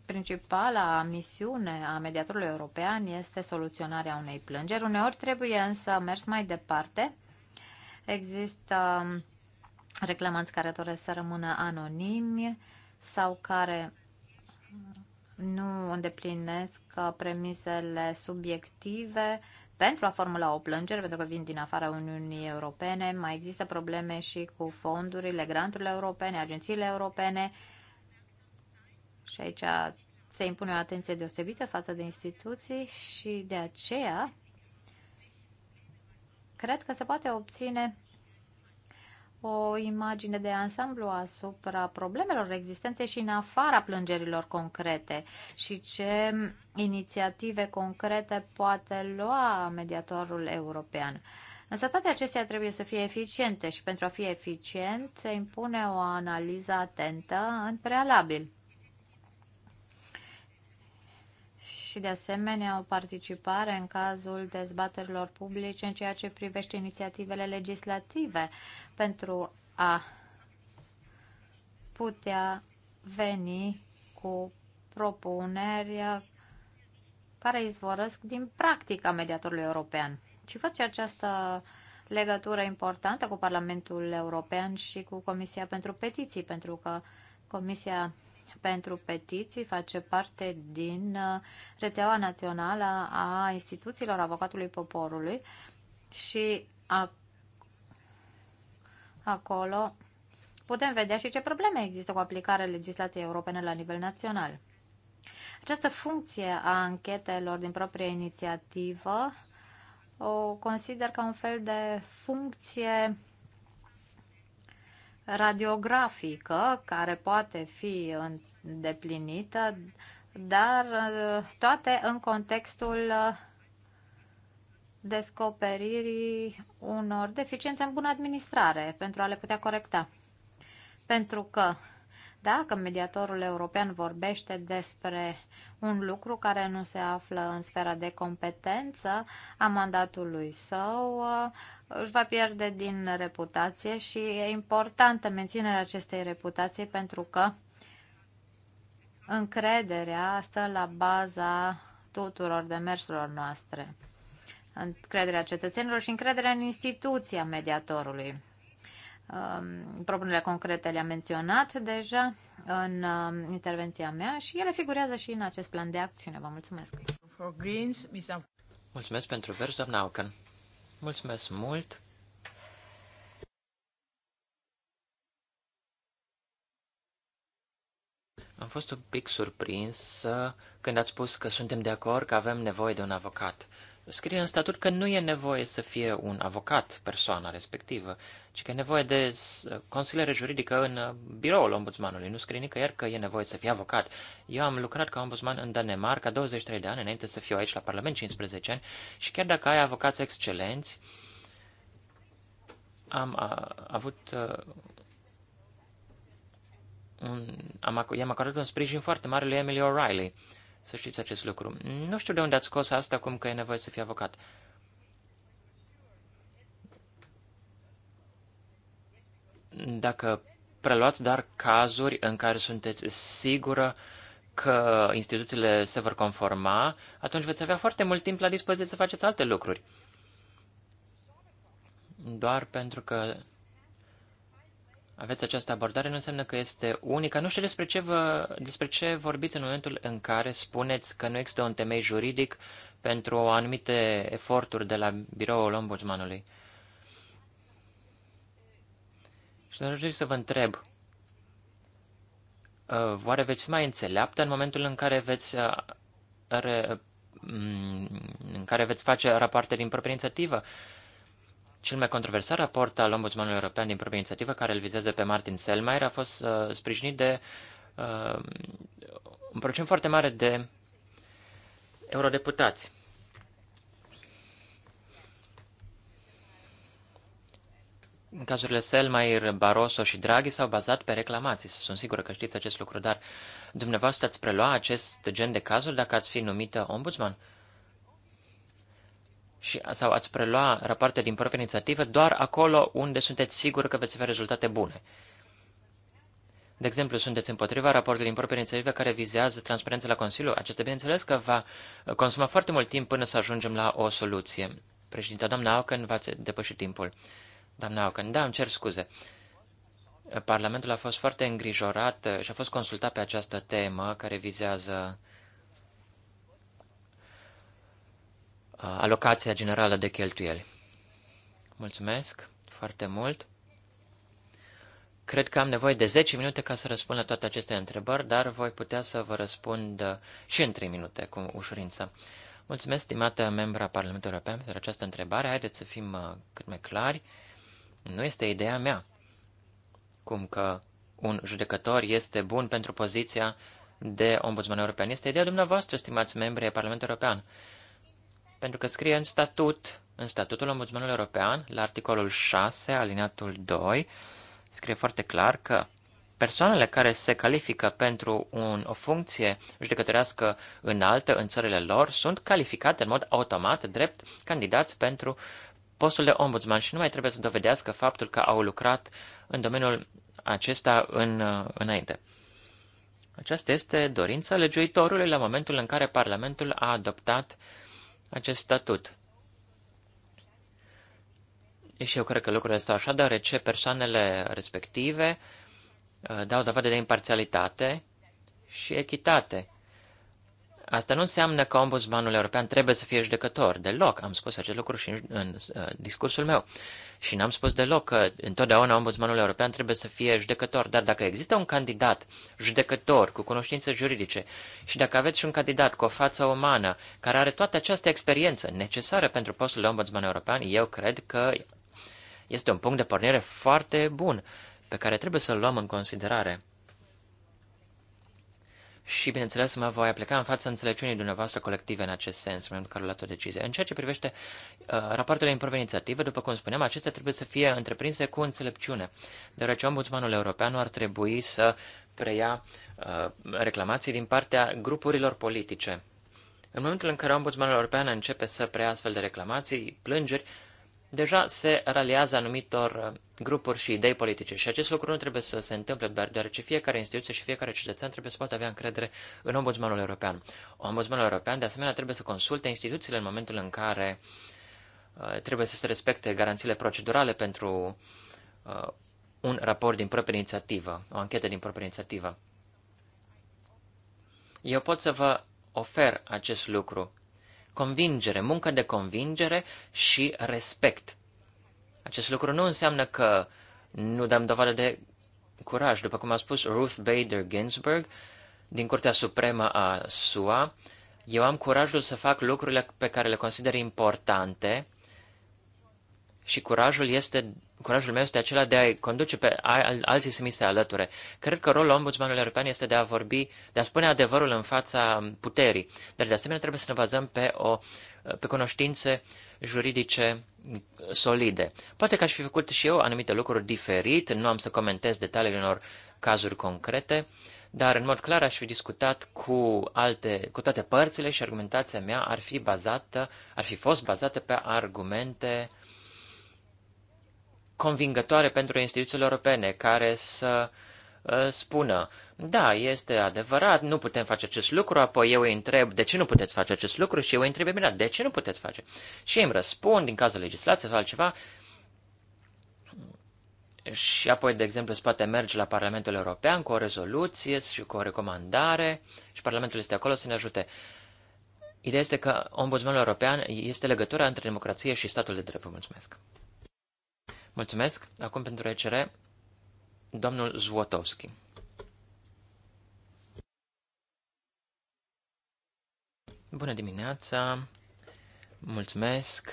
principala misiune a mediatorului european este soluționarea unei plângeri. Uneori trebuie însă mers mai departe Există um, reclamanți care doresc să rămână anonimi sau care nu îndeplinesc uh, premisele subiective pentru a formula o plângere, pentru că vin din afara Uniunii Europene. Mai există probleme și cu fondurile, granturile europene, agențiile europene. Și aici se impune o atenție deosebită față de instituții și de aceea Cred că se poate obține o imagine de ansamblu asupra problemelor existente și în afara plângerilor concrete și ce inițiative concrete poate lua mediatorul european. Însă toate acestea trebuie să fie eficiente și pentru a fi eficient se impune o analiză atentă în prealabil. și de asemenea o participare în cazul dezbaterilor publice în ceea ce privește inițiativele legislative pentru a putea veni cu propuneri care izvorăsc din practica mediatorului european. Și face această legătură importantă cu Parlamentul European și cu Comisia pentru Petiții, pentru că Comisia pentru petiții face parte din uh, rețeaua națională a instituțiilor avocatului poporului și a, acolo putem vedea și ce probleme există cu aplicarea legislației europene la nivel național. Această funcție a anchetelor din proprie inițiativă o consider ca un fel de funcție radiografică care poate fi în deplinită, dar uh, toate în contextul uh, descoperirii unor deficiențe în bună administrare pentru a le putea corecta. Pentru că dacă mediatorul european vorbește despre un lucru care nu se află în sfera de competență a mandatului său, uh, își va pierde din reputație și e importantă menținerea acestei reputații pentru că Încrederea stă la baza tuturor demersurilor noastre. Încrederea cetățenilor și încrederea în instituția mediatorului. Um, propunerile concrete le-am menționat deja în um, intervenția mea și ele figurează și în acest plan de acțiune. Vă mulțumesc! Mulțumesc pentru vers, doamna Auken. Mulțumesc mult! Am fost un pic surprins uh, când ați spus că suntem de acord că avem nevoie de un avocat. Scrie în statut că nu e nevoie să fie un avocat persoana respectivă, ci că e nevoie de uh, consiliere juridică în uh, biroul ombudsmanului. Nu scrie nicăieri că e nevoie să fie avocat. Eu am lucrat ca ombudsman în Danemarca 23 de ani, înainte să fiu aici la Parlament 15 ani, și chiar dacă ai avocați excelenți, am a, avut un, am, i-am acordat un sprijin foarte mare lui Emily O'Reilly. Să știți acest lucru. Nu știu de unde ați scos asta, acum că e nevoie să fie avocat. Dacă preluați dar cazuri în care sunteți sigură că instituțiile se vor conforma, atunci veți avea foarte mult timp la dispoziție să faceți alte lucruri. Doar pentru că aveți această abordare nu înseamnă că este unica. Nu știu despre ce, vă, despre ce vorbiți în momentul în care spuneți că nu există un temei juridic pentru anumite eforturi de la biroul ombudsmanului. Și aș dori să vă întreb, uh, oare veți fi mai înțeleaptă în momentul în care veți, uh, mm, în care veți face rapoarte din proprie inițiativă? Cel mai controversat raport al Ombudsmanului European din proprie inițiativă, care îl vizează pe Martin Selmayr, a fost uh, sprijinit de uh, un procent foarte mare de eurodeputați. În cazurile Selmayr, Barroso și Draghi s-au bazat pe reclamații. Sunt sigură că știți acest lucru, dar dumneavoastră ați prelua acest gen de cazuri dacă ați fi numită ombudsman? Uh, și, sau ați prelua rapoarte din proprie inițiativă doar acolo unde sunteți siguri că veți avea rezultate bune. De exemplu, sunteți împotriva raportului din proprie inițiativă care vizează transparența la Consiliu? Acesta, bineînțeles, că va consuma foarte mult timp până să ajungem la o soluție. Președinte, doamna Auken, v-ați depășit timpul. Doamna Auken, da, îmi cer scuze. Parlamentul a fost foarte îngrijorat și a fost consultat pe această temă care vizează uh, Uh, alocația generală de cheltuieli. Mulțumesc foarte mult! Cred că am nevoie de 10 minute ca să răspund la toate aceste întrebări, dar voi putea să vă răspund uh, și în 3 minute, cu ușurință. Mulțumesc, stimată membra Parlamentului European, pentru această întrebare. Haideți să fim uh, cât mai clari. Nu este ideea mea cum că un judecător este bun pentru poziția de ombudsman european. Este ideea dumneavoastră, stimați membri ai Parlamentului European. Pentru că scrie în statut, în statutul Ombudsmanului European, la articolul 6, alineatul 2, scrie foarte clar că persoanele care se califică pentru un, o funcție judecătorească înaltă în țările lor sunt calificate în mod automat drept candidați pentru postul de ombudsman și nu mai trebuie să dovedească faptul că au lucrat în domeniul acesta în, înainte. Aceasta este dorința legiuitorului la momentul în care Parlamentul a adoptat uh, acest statut. Și eu cred că lucrurile stau așa, deoarece persoanele respective uh, dau dovadă de imparțialitate și echitate. Asta nu înseamnă că ombudsmanul european trebuie să fie judecător. Deloc am spus acest lucru și în, în uh, discursul meu. Și n-am spus deloc că întotdeauna ombudsmanul european trebuie să fie judecător. Dar dacă există un candidat judecător cu cunoștințe juridice și dacă aveți și un candidat cu o față umană care are toată această experiență necesară pentru postul de ombudsman european, eu cred că este un punct de pornire foarte bun pe care trebuie să-l luăm în considerare și, bineînțeles, mă voi aplica în fața înțelepciunii dumneavoastră colective în acest sens, în momentul în care luați o decizie. În ceea ce privește uh, rapoartele în proprie după cum spuneam, acestea trebuie să fie întreprinse cu înțelepciune, deoarece ombudsmanul european nu ar trebui să preia uh, reclamații din partea grupurilor politice. În momentul în care ombudsmanul european începe să preia astfel de reclamații, plângeri, uh, deja se raliază anumitor uh, grupuri și idei politice și acest lucru nu trebuie să se întâmple, doar deoarece fiecare instituție și fiecare cetățean trebuie să poată avea încredere în ombudsmanul european. Ombudsmanul european, de asemenea, trebuie să consulte instituțiile în momentul în care uh, trebuie să se respecte garanțiile procedurale pentru uh, un raport din proprie inițiativă, o anchetă din proprie inițiativă. Eu pot să vă ofer acest lucru convingere, muncă de convingere și respect. Acest lucru nu înseamnă că nu dăm dovadă de curaj. După cum a spus Ruth Bader Ginsburg din Curtea Supremă a SUA, eu am curajul să fac lucrurile pe care le consider importante și curajul este curajul meu este acela de a conduce pe alții să mi se alăture. Cred că rolul ombudsmanului european este de a vorbi, de a spune adevărul în fața puterii, dar de asemenea trebuie să ne bazăm pe, o, pe cunoștințe juridice solide. Poate că aș fi făcut și eu anumite lucruri diferit, nu am să comentez detaliile unor cazuri concrete, dar în mod clar aș fi discutat cu, alte, cu toate părțile și argumentația mea ar fi bazată, ar fi fost bazată pe argumente uh, convingătoare pentru instituțiile europene care să uh, spună, da, este adevărat, nu putem face acest lucru, apoi eu îi întreb de ce nu puteți face acest lucru și eu îi întreb imediat de ce nu puteți face. Și îmi răspund din cazul legislației sau altceva și apoi, de exemplu, se poate merge la Parlamentul European cu o rezoluție și cu o recomandare și Parlamentul este acolo să ne ajute. Ideea este că Ombudsmanul European este legătura între democrație și statul de drept. Vă mulțumesc! Mulțumesc. Acum pentru ECR, domnul Zwotovski. Bună dimineața! Mulțumesc!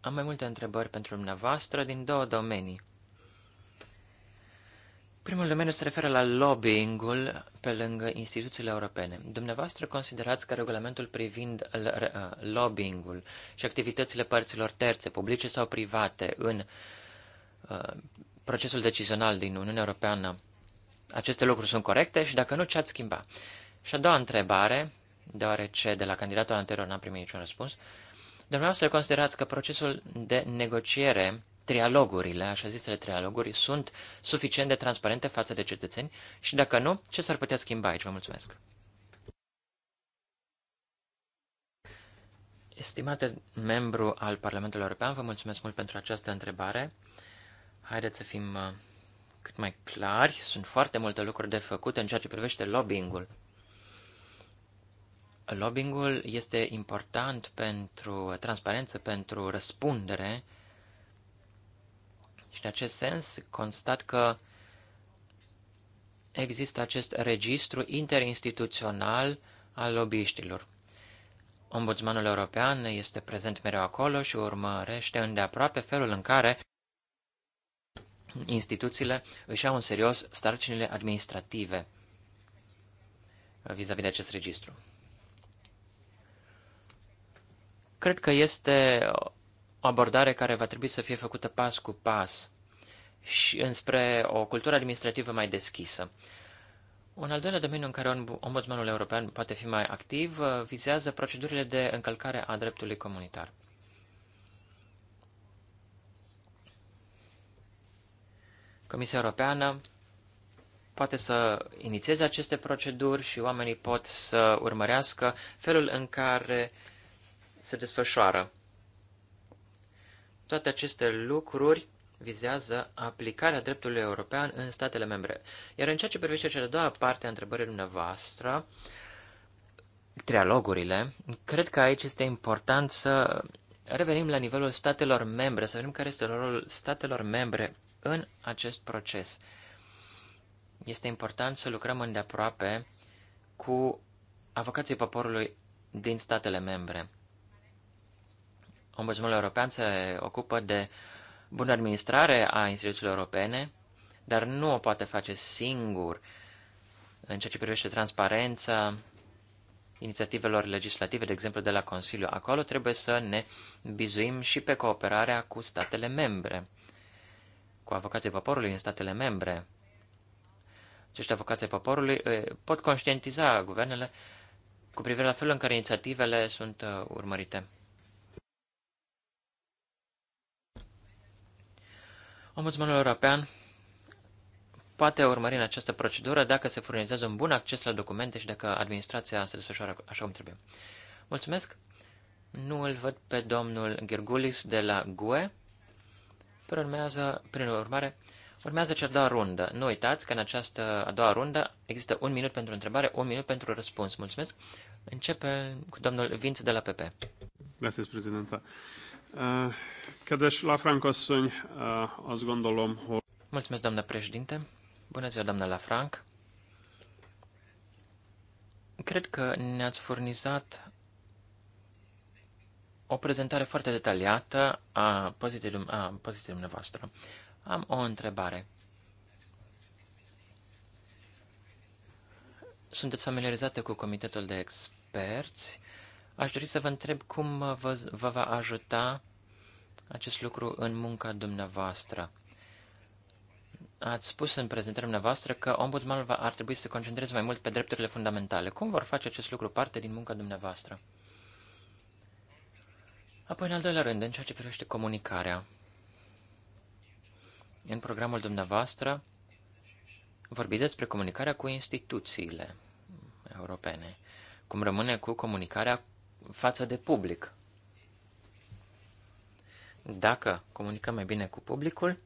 Am mai multe întrebări pentru dumneavoastră din două domenii. Primul domeniu se referă la lobbying-ul pe lângă instituțiile europene. Dumneavoastră considerați că regulamentul privind uh, lobbying-ul și activitățile părților terțe, publice sau private, în uh, procesul decizional din Uniunea Europeană, aceste lucruri sunt corecte și dacă nu, ce ați schimba? Și a doua întrebare, deoarece de la candidatul anterior n-am primit niciun răspuns, dumneavoastră considerați că procesul de negociere trialogurile, așa zisele trialoguri, sunt suficient de transparente față de cetățeni și dacă nu, ce s-ar putea schimba aici? Vă mulțumesc! Estimate membru al Parlamentului European, vă mulțumesc mult pentru această întrebare. Haideți să fim uh, cât mai clari. Sunt foarte multe lucruri de făcut în ceea ce privește lobbying-ul. Lobbying-ul este important pentru transparență, pentru răspundere și în acest sens constat că există acest registru interinstituțional al lobiștilor. Ombudsmanul european este prezent mereu acolo și urmărește îndeaproape felul în care instituțiile își au în serios starcinile administrative vis-a-vis -vis de acest registru. Cred că este o abordare care va trebui să fie făcută pas cu pas și înspre o cultură administrativă mai deschisă. Un al doilea domeniu în care ombudsmanul european poate fi mai activ uh, vizează procedurile de încălcare a dreptului comunitar. Comisia Europeană poate să inițieze aceste proceduri și oamenii pot să urmărească felul în care se desfășoară toate aceste lucruri vizează aplicarea dreptului european în statele membre. Iar în ceea ce privește cea de-a doua parte a întrebării dumneavoastră, trialogurile, cred că aici este important să revenim la nivelul statelor membre, să vedem care este rolul statelor membre în acest proces. Este important să lucrăm îndeaproape cu avocații poporului din statele membre. Ombudsmanul European se ocupă de bună administrare a instituțiilor europene, dar nu o poate face singur în ceea ce privește transparența inițiativelor legislative, de exemplu, de la Consiliu. Acolo trebuie să ne bizuim și pe cooperarea cu statele membre, cu avocații poporului în statele membre. Acești avocații poporului eh, pot conștientiza guvernele cu privire la felul în care inițiativele sunt eh, urmărite. Ombudsmanul European poate urmări în această procedură dacă se furnizează un bun acces la documente și dacă administrația se desfășoară așa cum trebuie. Mulțumesc! Nu îl văd pe domnul Gergulis de la GUE. Prin, urmează, prin urmare, urmează cea doua rundă. Nu uitați că în această a doua rundă există un minut pentru întrebare, un minut pentru răspuns. Mulțumesc! Începe cu domnul Vinț de la PP. Mulțumesc, prezidenta. Kedves Lafrancasszony, eh, azt gondolom, hogy... Mulțumesc, doamnă președinte. Bună ziua, doamnă Lafranc. Cred că ne-ați furnizat o prezentare foarte detaliată a poziției, a poziției dumneavoastră. Am o întrebare. Sunteți familiarizate cu comitetul de experți Aș dori să vă întreb cum vă, vă va ajuta acest lucru în munca dumneavoastră. Ați spus în prezentarea dumneavoastră că ombudsmanul va, ar trebui să se concentreze mai mult pe drepturile fundamentale. Cum vor face acest lucru parte din munca dumneavoastră? Apoi, în al doilea rând, în ceea ce privește comunicarea. În programul dumneavoastră vorbiți despre comunicarea cu instituțiile europene. Cum rămâne cu comunicarea față de public. Dacă comunicăm mai bine cu publicul,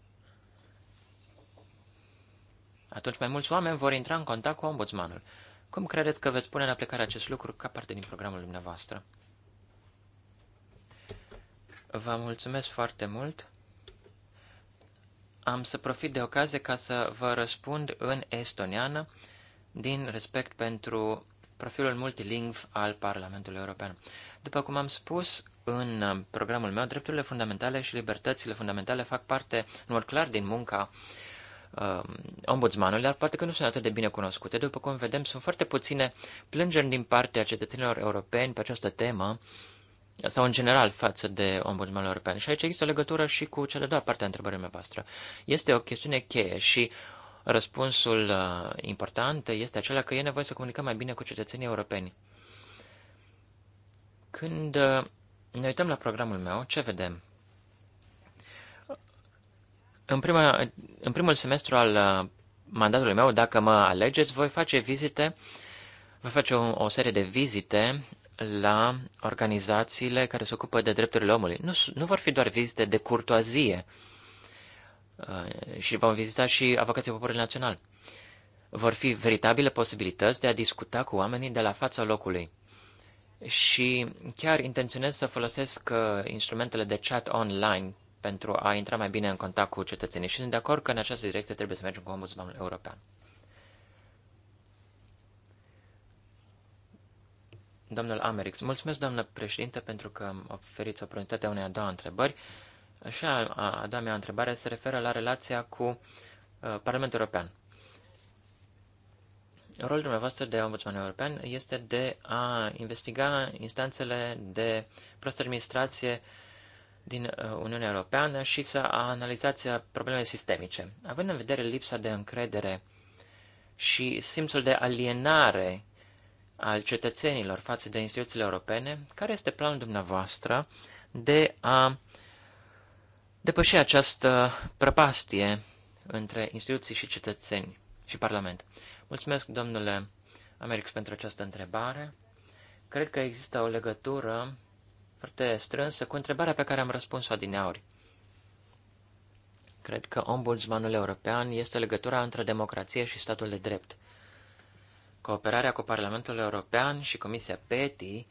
atunci mai mulți oameni vor intra în contact cu ombudsmanul. Cum credeți că veți pune în aplicare acest lucru ca parte din programul dumneavoastră? Vă mulțumesc foarte mult. Am să profit de ocazie ca să vă răspund în estoniană din respect pentru profilul multilingv al Parlamentului European. După cum am spus în programul meu, drepturile fundamentale și libertățile fundamentale fac parte, în mod clar, din munca uh, ombudsmanului, dar poate că nu sunt atât de bine cunoscute. După cum vedem, sunt foarte puține plângeri din partea cetățenilor europeni pe această temă, sau în general față de ombudsmanul european. Și aici există o legătură și cu cea de-a doua parte a întrebării mea voastră. Este o chestiune cheie și Răspunsul uh, important este acela că e nevoie să comunicăm mai bine cu cetățenii europeni. Când uh, ne uităm la programul meu, ce vedem? În, prima, în primul semestru al uh, mandatului meu, dacă mă alegeți, voi face vizite, voi face o, o serie de vizite la organizațiile care se ocupă de drepturile omului. Nu, nu vor fi doar vizite de curtoazie, Uh, și vom vizita și avocații poporului național. Vor fi veritabile posibilități de a discuta cu oamenii de la fața locului. Și chiar intenționez să folosesc uh, instrumentele de chat online pentru a intra mai bine în contact cu cetățenii. Și sunt de acord că în această direcție trebuie să mergem cu ombudsmanul european. Domnul Amerix, mulțumesc, doamnă președinte, pentru că am oferit oportunitatea unei a doua întrebări. Uh, și a, a doua mea întrebare se referă la relația cu uh, Parlamentul European. Rolul dumneavoastră de ombudsman european este de a investiga instanțele de prostă administrație din uh, Uniunea Europeană și să analizați uh, problemele sistemice. Având în vedere lipsa de încredere și simțul de alienare al cetățenilor față de instituțiile europene, care este planul dumneavoastră de a depăși această prăpastie între instituții și cetățeni și Parlament. Mulțumesc, domnule Americ, pentru această întrebare. Cred că există o legătură foarte strânsă cu întrebarea pe care am răspuns-o adineauri. Cred că ombudsmanul european este legătura între democrație și statul de drept. Cooperarea cu Parlamentul European și Comisia PETI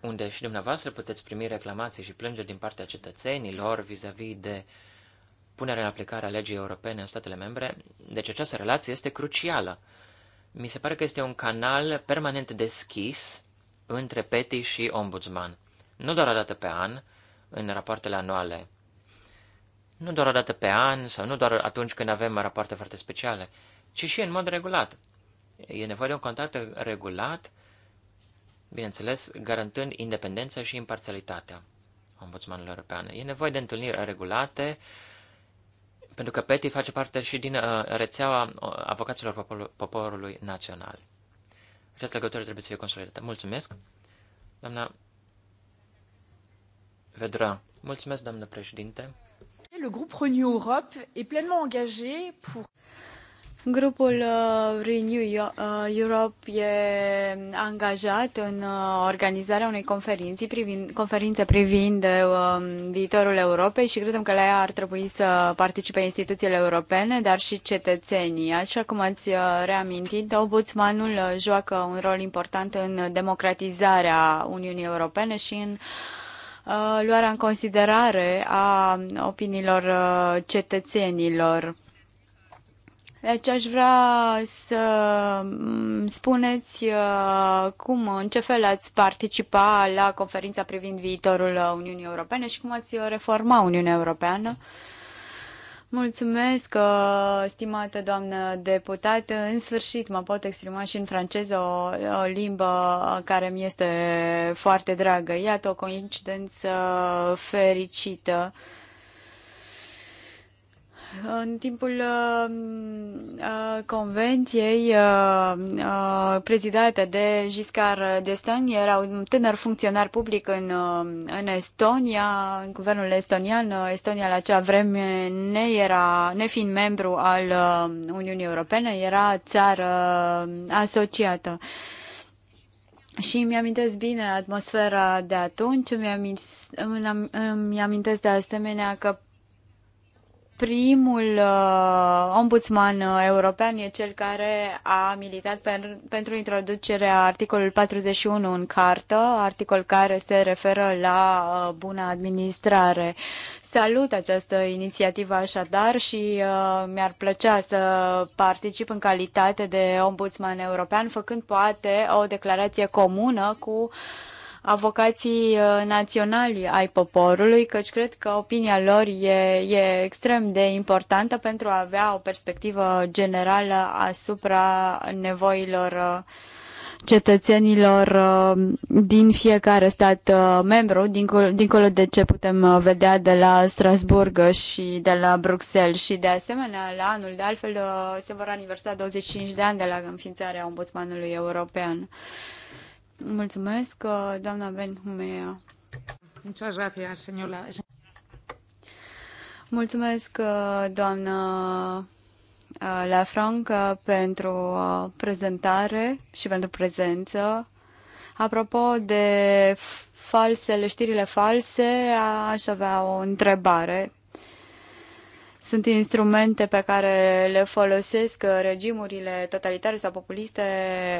unde și dumneavoastră puteți primi reclamații și plângeri din partea cetățenilor vis-a-vis -vis de punerea în aplicare a legii europene în statele membre. Deci această relație este crucială. Mi se pare că este un canal permanent deschis între PETI și ombudsman. Nu doar o dată pe an, în rapoartele anuale. Nu doar o dată pe an sau nu doar atunci când avem rapoarte foarte speciale, ci și în mod regulat. E nevoie de un contact regulat bineînțeles, garantând independența și imparțialitatea ombudsmanului european. E nevoie de întâlniri regulate, pentru că PETI face parte și din uh, rețeaua uh, avocaților poporului național. Această legătură trebuie să fie consolidată. Mulțumesc, doamna Vedra. Mulțumesc, doamnă președinte. Le grup Renew Europe est pleinement engagé pour Grupul uh, Renew uh, Europe e angajat în uh, organizarea unei conferințe privind, conferințe privind um, viitorul Europei și credem că la ea ar trebui să participe instituțiile europene, dar și cetățenii. Așa cum ați reamintit, uh, joacă un rol important în democratizarea Uniunii Europene și în luarea în considerare a opiniilor cetățenilor. Deci aș vrea să mm, spuneți uh, cum, în ce fel ați participa la conferința privind viitorul Uniunii Europene și cum ați reforma Uniunea Europeană. Mulțumesc, uh, stimată doamnă deputată. În sfârșit mă pot exprima și în franceză, o, o limbă care mi este foarte dragă. Iată o coincidență fericită. În timpul uh, uh, convenției uh, uh, prezidată de Giscard d'Estaing, era un tânăr funcționar public în, uh, în Estonia, în guvernul estonian. Estonia la acea vreme ne era, nefiind membru al uh, Uniunii Europene, era țară uh, asociată. Și mi am bine atmosfera de atunci, mi am îmi amintesc de asemenea că primul uh, ombudsman uh, european e cel care a militat pen, pentru introducerea articolului 41 în cartă, articol care se referă la uh, bună administrare. Salut această inițiativă așadar și uh, mi-ar plăcea să particip în calitate de ombudsman european, făcând poate o declarație comună cu uh, avocații uh, naționali ai poporului, căci cred că opinia lor e, e extrem de importantă pentru a avea o perspectivă generală asupra nevoilor uh, cetățenilor uh, din fiecare stat membru, dincolo de ce putem vedea de la Strasburg și de la Bruxelles. Și de asemenea, la anul de altfel se vor aniversa 25 de ani de la înființarea Ombudsmanului European. Mulțumesc, uh, doamna Benhumea. Muchas gracias, señora. Mulțumesc, uh, doamna uh, la pentru prezentare și pentru prezență. Apropo de falsele, știrile false, aș avea o întrebare. Sunt instrumente pe care le folosesc uh, regimurile totalitare sau populiste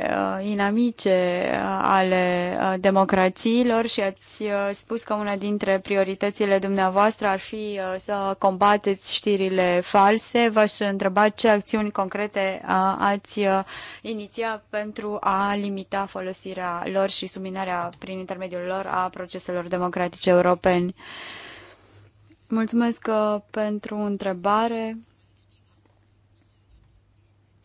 uh, inamice uh, ale democrațiilor și ați spus că una dintre prioritățile dumneavoastră ar fi să combateți știrile false. V-aș întreba ce acțiuni concrete ați iniția pentru a limita folosirea lor și subminarea prin intermediul lor a proceselor democratice europene Mulțumesc uh, pentru întrebare.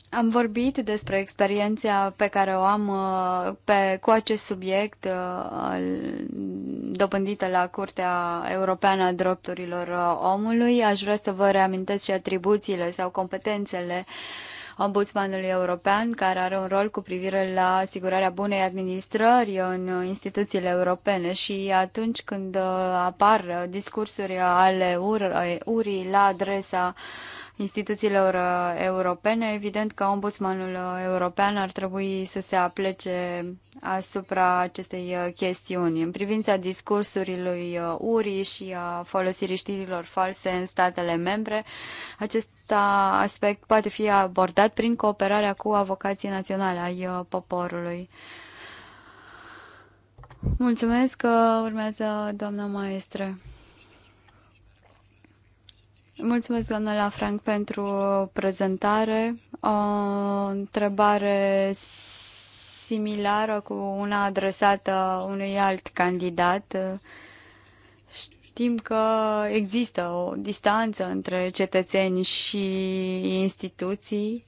Am vorbit despre experiența pe care o am uh, pe, cu acest subiect uh, dobândită la Curtea Europeană a Drepturilor Omului. Aș vrea să vă reamintesc și atribuțiile sau competențele uh, ombudsmanului european, care are un rol cu privire la asigurarea bunei administrări în instituțiile europene și atunci când uh, apar discursuri ale uh, urii la adresa uh, instituțiilor uh, europene, evident că ombudsmanul uh, european ar trebui să se aplece asupra acestei uh, chestiuni. În privința discursurilor URI și a folosirii știrilor false în statele membre, acest aspect poate fi abordat prin cooperarea cu avocații naționale ai poporului. Mulțumesc că urmează doamna maestră. Mulțumesc, doamna Frank pentru prezentare. O întrebare similară cu una adresată unui alt candidat. Știm că există o distanță între cetățeni și instituții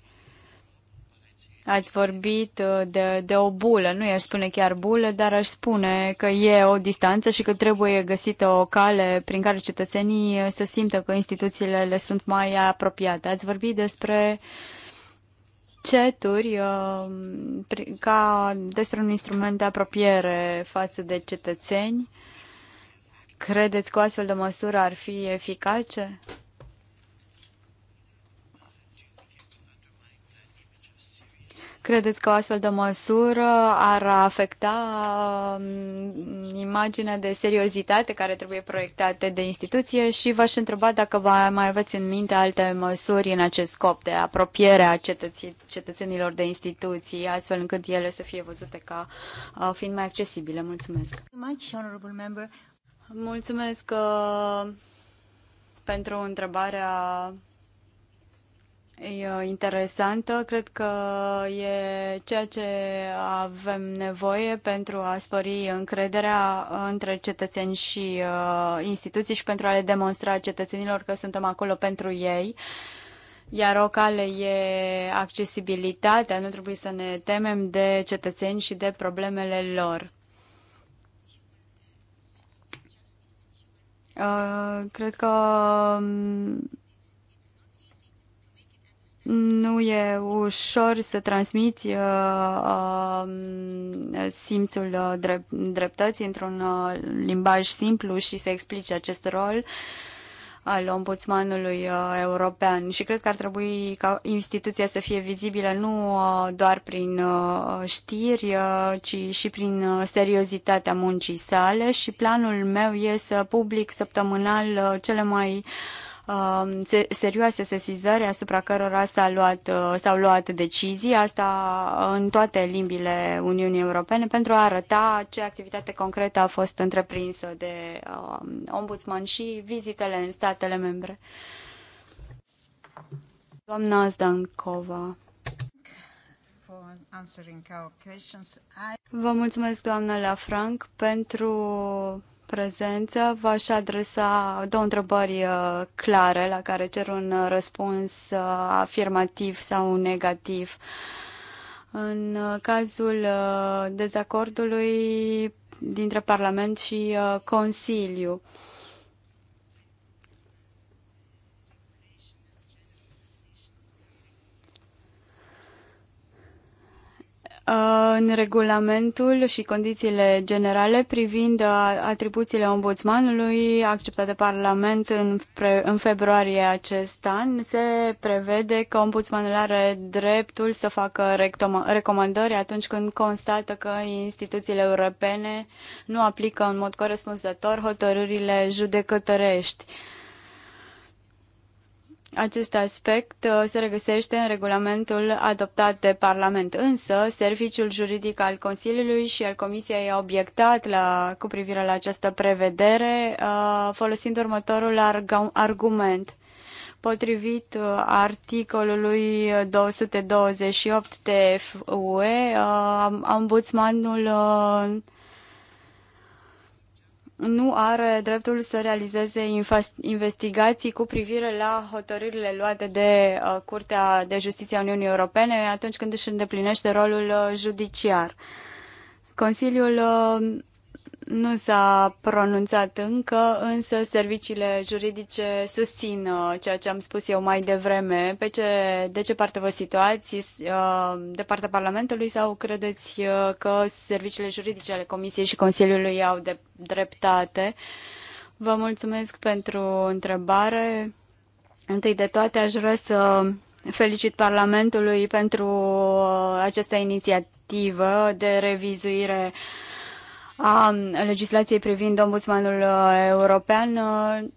Ați vorbit uh, de, de o bulă, nu i-aș spune chiar bulă, dar aș spune că e o distanță și că trebuie găsită o cale prin care cetățenii uh, să simtă că instituțiile le sunt mai apropiate. Ați vorbit despre ceturi uh, ca despre un instrument de apropiere față de cetățeni. Credeți că o astfel de măsură ar fi eficace? Credeți că o astfel de măsură ar afecta um, imaginea de seriozitate care trebuie proiectate de instituție și v-aș întreba dacă vă mai aveți în minte alte măsuri în acest scop de apropiere a cetățenilor de instituții, astfel încât ele să fie văzute ca uh, fiind mai accesibile. Mulțumesc! Mulțumesc uh, pentru întrebarea e uh, interesantă. Cred că e ceea ce avem nevoie pentru a spări încrederea între cetățeni și uh, instituții și pentru a le demonstra cetățenilor că suntem acolo pentru ei. Iar o cale e accesibilitatea, nu trebuie să ne temem de cetățeni și de problemele lor. Uh, cred că um, nu e ușor să transmiți uh, uh, simțul uh, drept, dreptății într-un uh, limbaj simplu și să explice acest rol al ombudsmanului uh, european și cred că ar trebui ca instituția să fie vizibilă nu uh, doar prin uh, știri, uh, ci și prin uh, seriozitatea muncii sale și planul meu e să public săptămânal uh, cele mai uh, Um, serioase sesizări asupra cărora s-au luat, uh, s-au luat decizii, asta în toate limbile Uniunii Europene, pentru a arăta ce activitate concretă a fost întreprinsă de um, ombudsman și vizitele în statele membre. Doamna Zdancova. Vă mulțumesc, doamna Lafranc, pentru prezență. V-aș adresa două întrebări uh, clare la care cer un uh, răspuns uh, afirmativ sau negativ. În cazul dezacordului dintre Parlament și Consiliu, Uh, în regulamentul și condițiile generale privind uh, atribuțiile ombudsmanului acceptat de Parlament în, pre, în februarie acest an, se prevede că ombudsmanul are dreptul să facă recomandări atunci când constată că instituțiile europene nu aplică în mod corespunzător hotărârile judecătorești. Uh, acest aspect uh, se regăsește în regulamentul adoptat de Parlament, însă Serviciul Juridic al Consiliului și al Comisiei a obiectat la, cu privire la această prevedere, uh, folosind următorul argument. Potrivit uh, articolului 228 TFUE, ombudsmanul nu are dreptul să realizeze investigații cu privire la hotărârile luate de uh, Curtea de Justiție a Uniunii Europene atunci când își îndeplinește rolul uh, judiciar. Consiliul uh, nu s-a pronunțat încă, însă serviciile juridice susțin uh, ceea ce am spus eu mai devreme. Pe ce, de ce parte vă situați? Uh, de partea Parlamentului sau credeți uh, că serviciile juridice ale Comisiei și Consiliului au de dreptate? Vă mulțumesc pentru întrebare. Întâi de toate aș vrea să felicit Parlamentului pentru această inițiativă de revizuire uh, a legislației privind ombudsmanul uh, european, uh,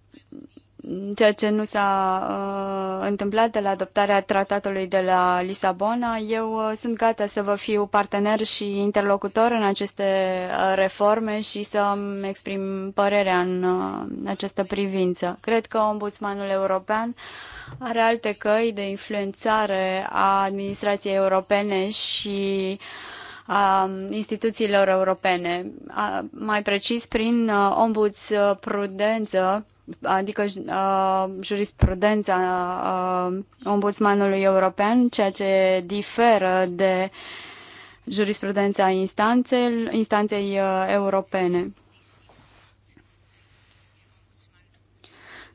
ceea ce nu s-a uh, întâmplat de la adoptarea tratatului de la Lisabona. Eu sunt gata să vă fiu partener și interlocutor în aceste reforme și să-mi exprim părerea în această privință. Cred că ombudsmanul european are alte căi de influențare a administrației europene și uh, a instituțiilor europene, a, mai precis prin uh, ombuds uh, prudență, adică uh, jurisprudența ombudsmanului european, ceea ce diferă de jurisprudența instanței, instanței europene.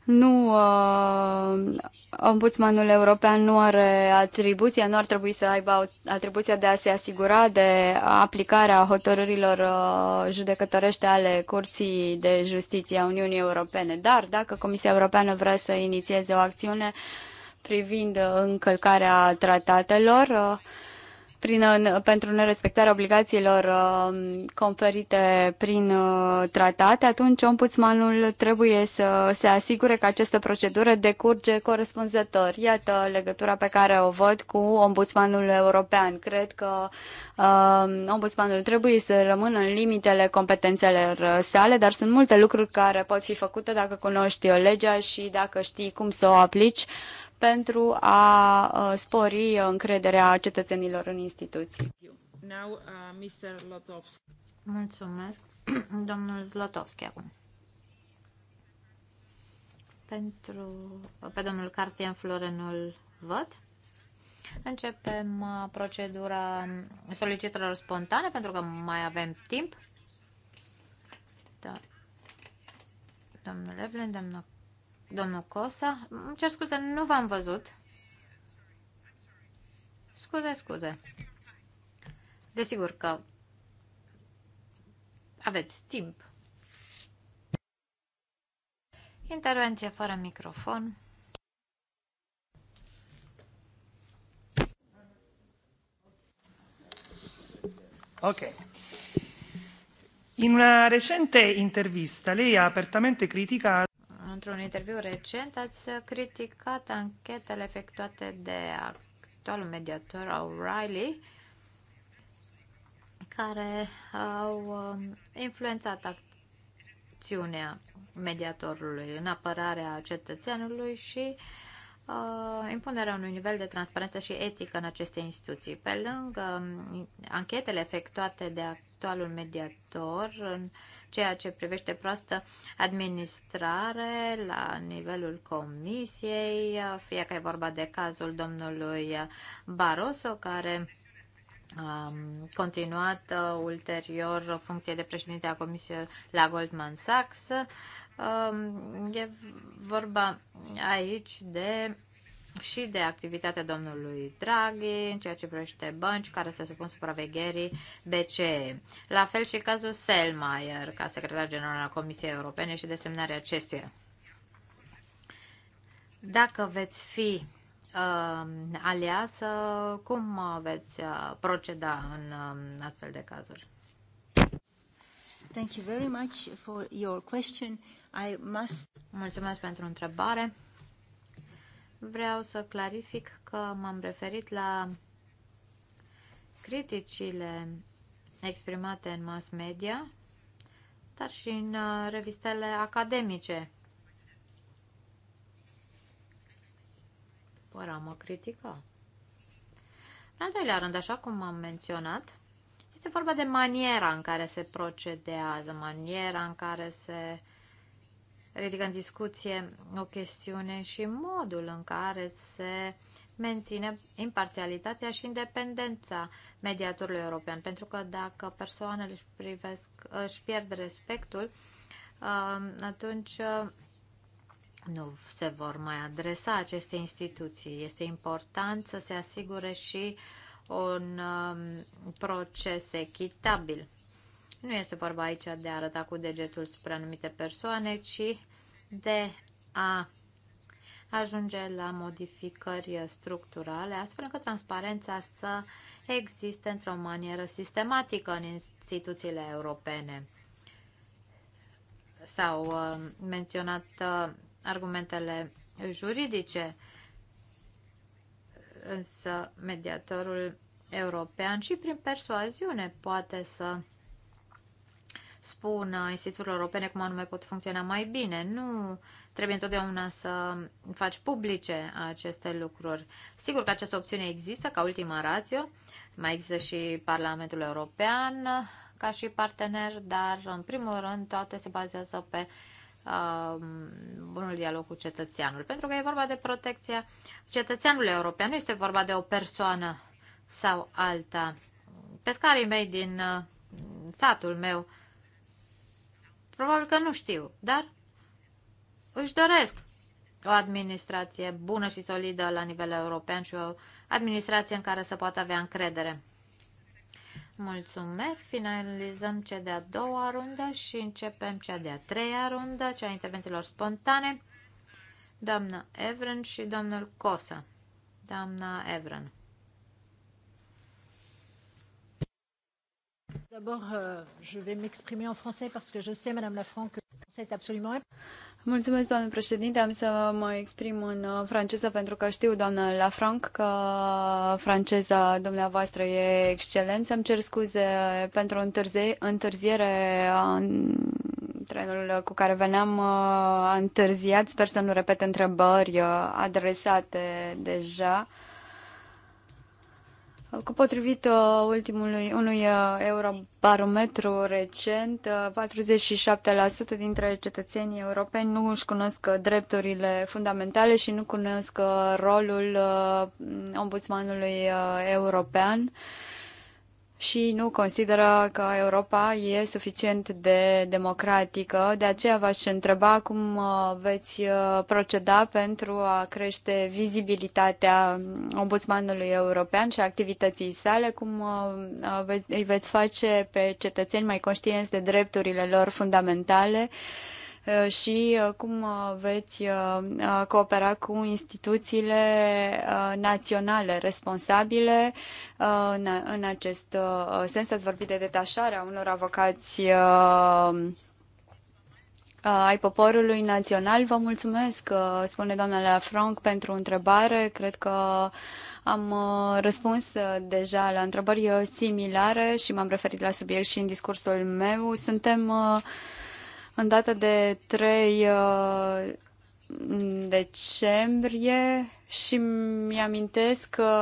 nu uh, ombudsmanul european nu are atribuția, nu ar trebui să aibă atribuția de a se asigura de aplicarea hotărârilor uh, judecătorește ale Curții de Justiție a Uniunii Europene. Dar dacă Comisia Europeană vrea să inițieze o acțiune privind încălcarea tratatelor, uh, prin, pentru nerespectarea obligațiilor um, conferite prin uh, tratate, atunci ombudsmanul trebuie să se asigure că această procedură decurge corespunzător. Iată legătura pe care o văd cu ombudsmanul european. Cred că um, ombudsmanul trebuie să rămână în limitele competențelor sale, dar sunt multe lucruri care pot fi făcute dacă cunoști legea și dacă știi cum să o aplici pentru a uh, spori încrederea cetățenilor în instituții. Now, uh, Mulțumesc, domnul Zlotovski, acum. Pentru, pe domnul Cartian Florenul văd. Începem uh, procedura solicitărilor spontane, pentru că mai avem timp. Da. Domnul Evelyn, domnul domnul Cosa. Îmi cer scuze, nu v-am văzut. Scuze, scuze. Desigur că aveți timp. Intervenție fără microfon. Ok. In una recente intervista lei ha apertamente criticato Într-un interviu recent ați criticat anchetele efectuate de actualul mediator O'Reilly care au um, influențat acțiunea mediatorului în apărarea cetățeanului și uh, Uh, impunerea unui nivel de transparență și etică în aceste instituții. Pe lângă um, anchetele efectuate de actualul mediator în ceea ce privește proastă administrare la nivelul comisiei, uh, fie că e vorba de cazul domnului Barroso, care a continuat uh, ulterior funcție de președinte a Comisiei la Goldman Sachs Um, e vorba aici de și de activitatea domnului Draghi în ceea ce privește bănci care se supun supravegherii BCE. La fel și cazul Selmayr ca secretar general al Comisiei Europene și desemnarea acestuia. Dacă veți fi uh, um, aliasă, cum veți uh, proceda în uh, astfel de cazuri? Thank you very much for your question. I must... Mulțumesc pentru întrebare. Vreau să clarific că m-am referit la criticile exprimate în mass media, dar și în uh, revistele academice. Fără am mă critică. În al doilea rând, așa cum am menționat, este vorba de maniera în care se procedează, maniera în care se uh, ridică în discuție o chestiune și modul în care se menține imparțialitatea și independența mediatorului european. Pentru că dacă persoanele își, privesc, își pierd respectul, um, atunci uh, nu se vor mai adresa aceste instituții. Este important să se asigure și un um, proces echitabil. Nu este vorba aici de a arăta cu degetul spre anumite persoane, ci de a ajunge la modificări structurale, astfel încât transparența să existe într-o manieră sistematică în instituțiile europene. S-au uh, menționat uh, argumentele juridice, însă mediatorul european și prin persoaziune poate să spun uh, instituțiilor europene cum anume pot funcționa mai bine. Nu trebuie întotdeauna să faci publice aceste lucruri. Sigur că această opțiune există ca ultima rațiu. Mai există și Parlamentul European ca și partener, dar în primul rând toate se bazează pe uh, bunul dialog cu cetățeanul. Pentru că e vorba de protecția cetățeanului european, nu este vorba de o persoană sau alta. Pescarii mei din uh, satul meu Probabil că nu știu, dar își doresc o administrație bună și solidă la nivel european și o administrație în care să poată avea încredere. Mulțumesc, finalizăm cea de-a doua rundă și începem cea de-a treia rundă, cea a intervențiilor spontane. Doamna Evren și domnul Cosa. Doamna Evren. Mulțumesc, doamnă președinte. Am să mă exprim în uh, franceză pentru că știu, doamnă Lafranc, că franceza dumneavoastră e excelență. Îmi cer scuze pentru întârziere în trenul cu care veneam uh, întârziat. Sper să nu repet întrebări uh, adresate deja. Cu potrivit uh, ultimului unui uh, eurobarometru recent, 47% uh, dintre cetățenii europeni nu își cunosc drepturile fundamentale și nu cunosc rolul ombudsmanului european și nu consideră că Europa e suficient de democratică. De aceea v-aș întreba cum uh, veți uh, proceda pentru a crește vizibilitatea um, Ombudsmanului European și activității sale, cum uh, îi veți face pe cetățeni mai conștienți de drepturile lor fundamentale Uh, și uh, cum uh, veți coopera cu instituțiile naționale responsabile în acest sens. Ați vorbit de detașarea unor avocați ai poporului național. Vă mulțumesc, spune doamna Franck, pentru întrebare. Cred că am răspuns deja la întrebări similare și m-am referit la subiect și în discursul meu. Suntem în data de 3 uh, decembrie și mi-amintesc că,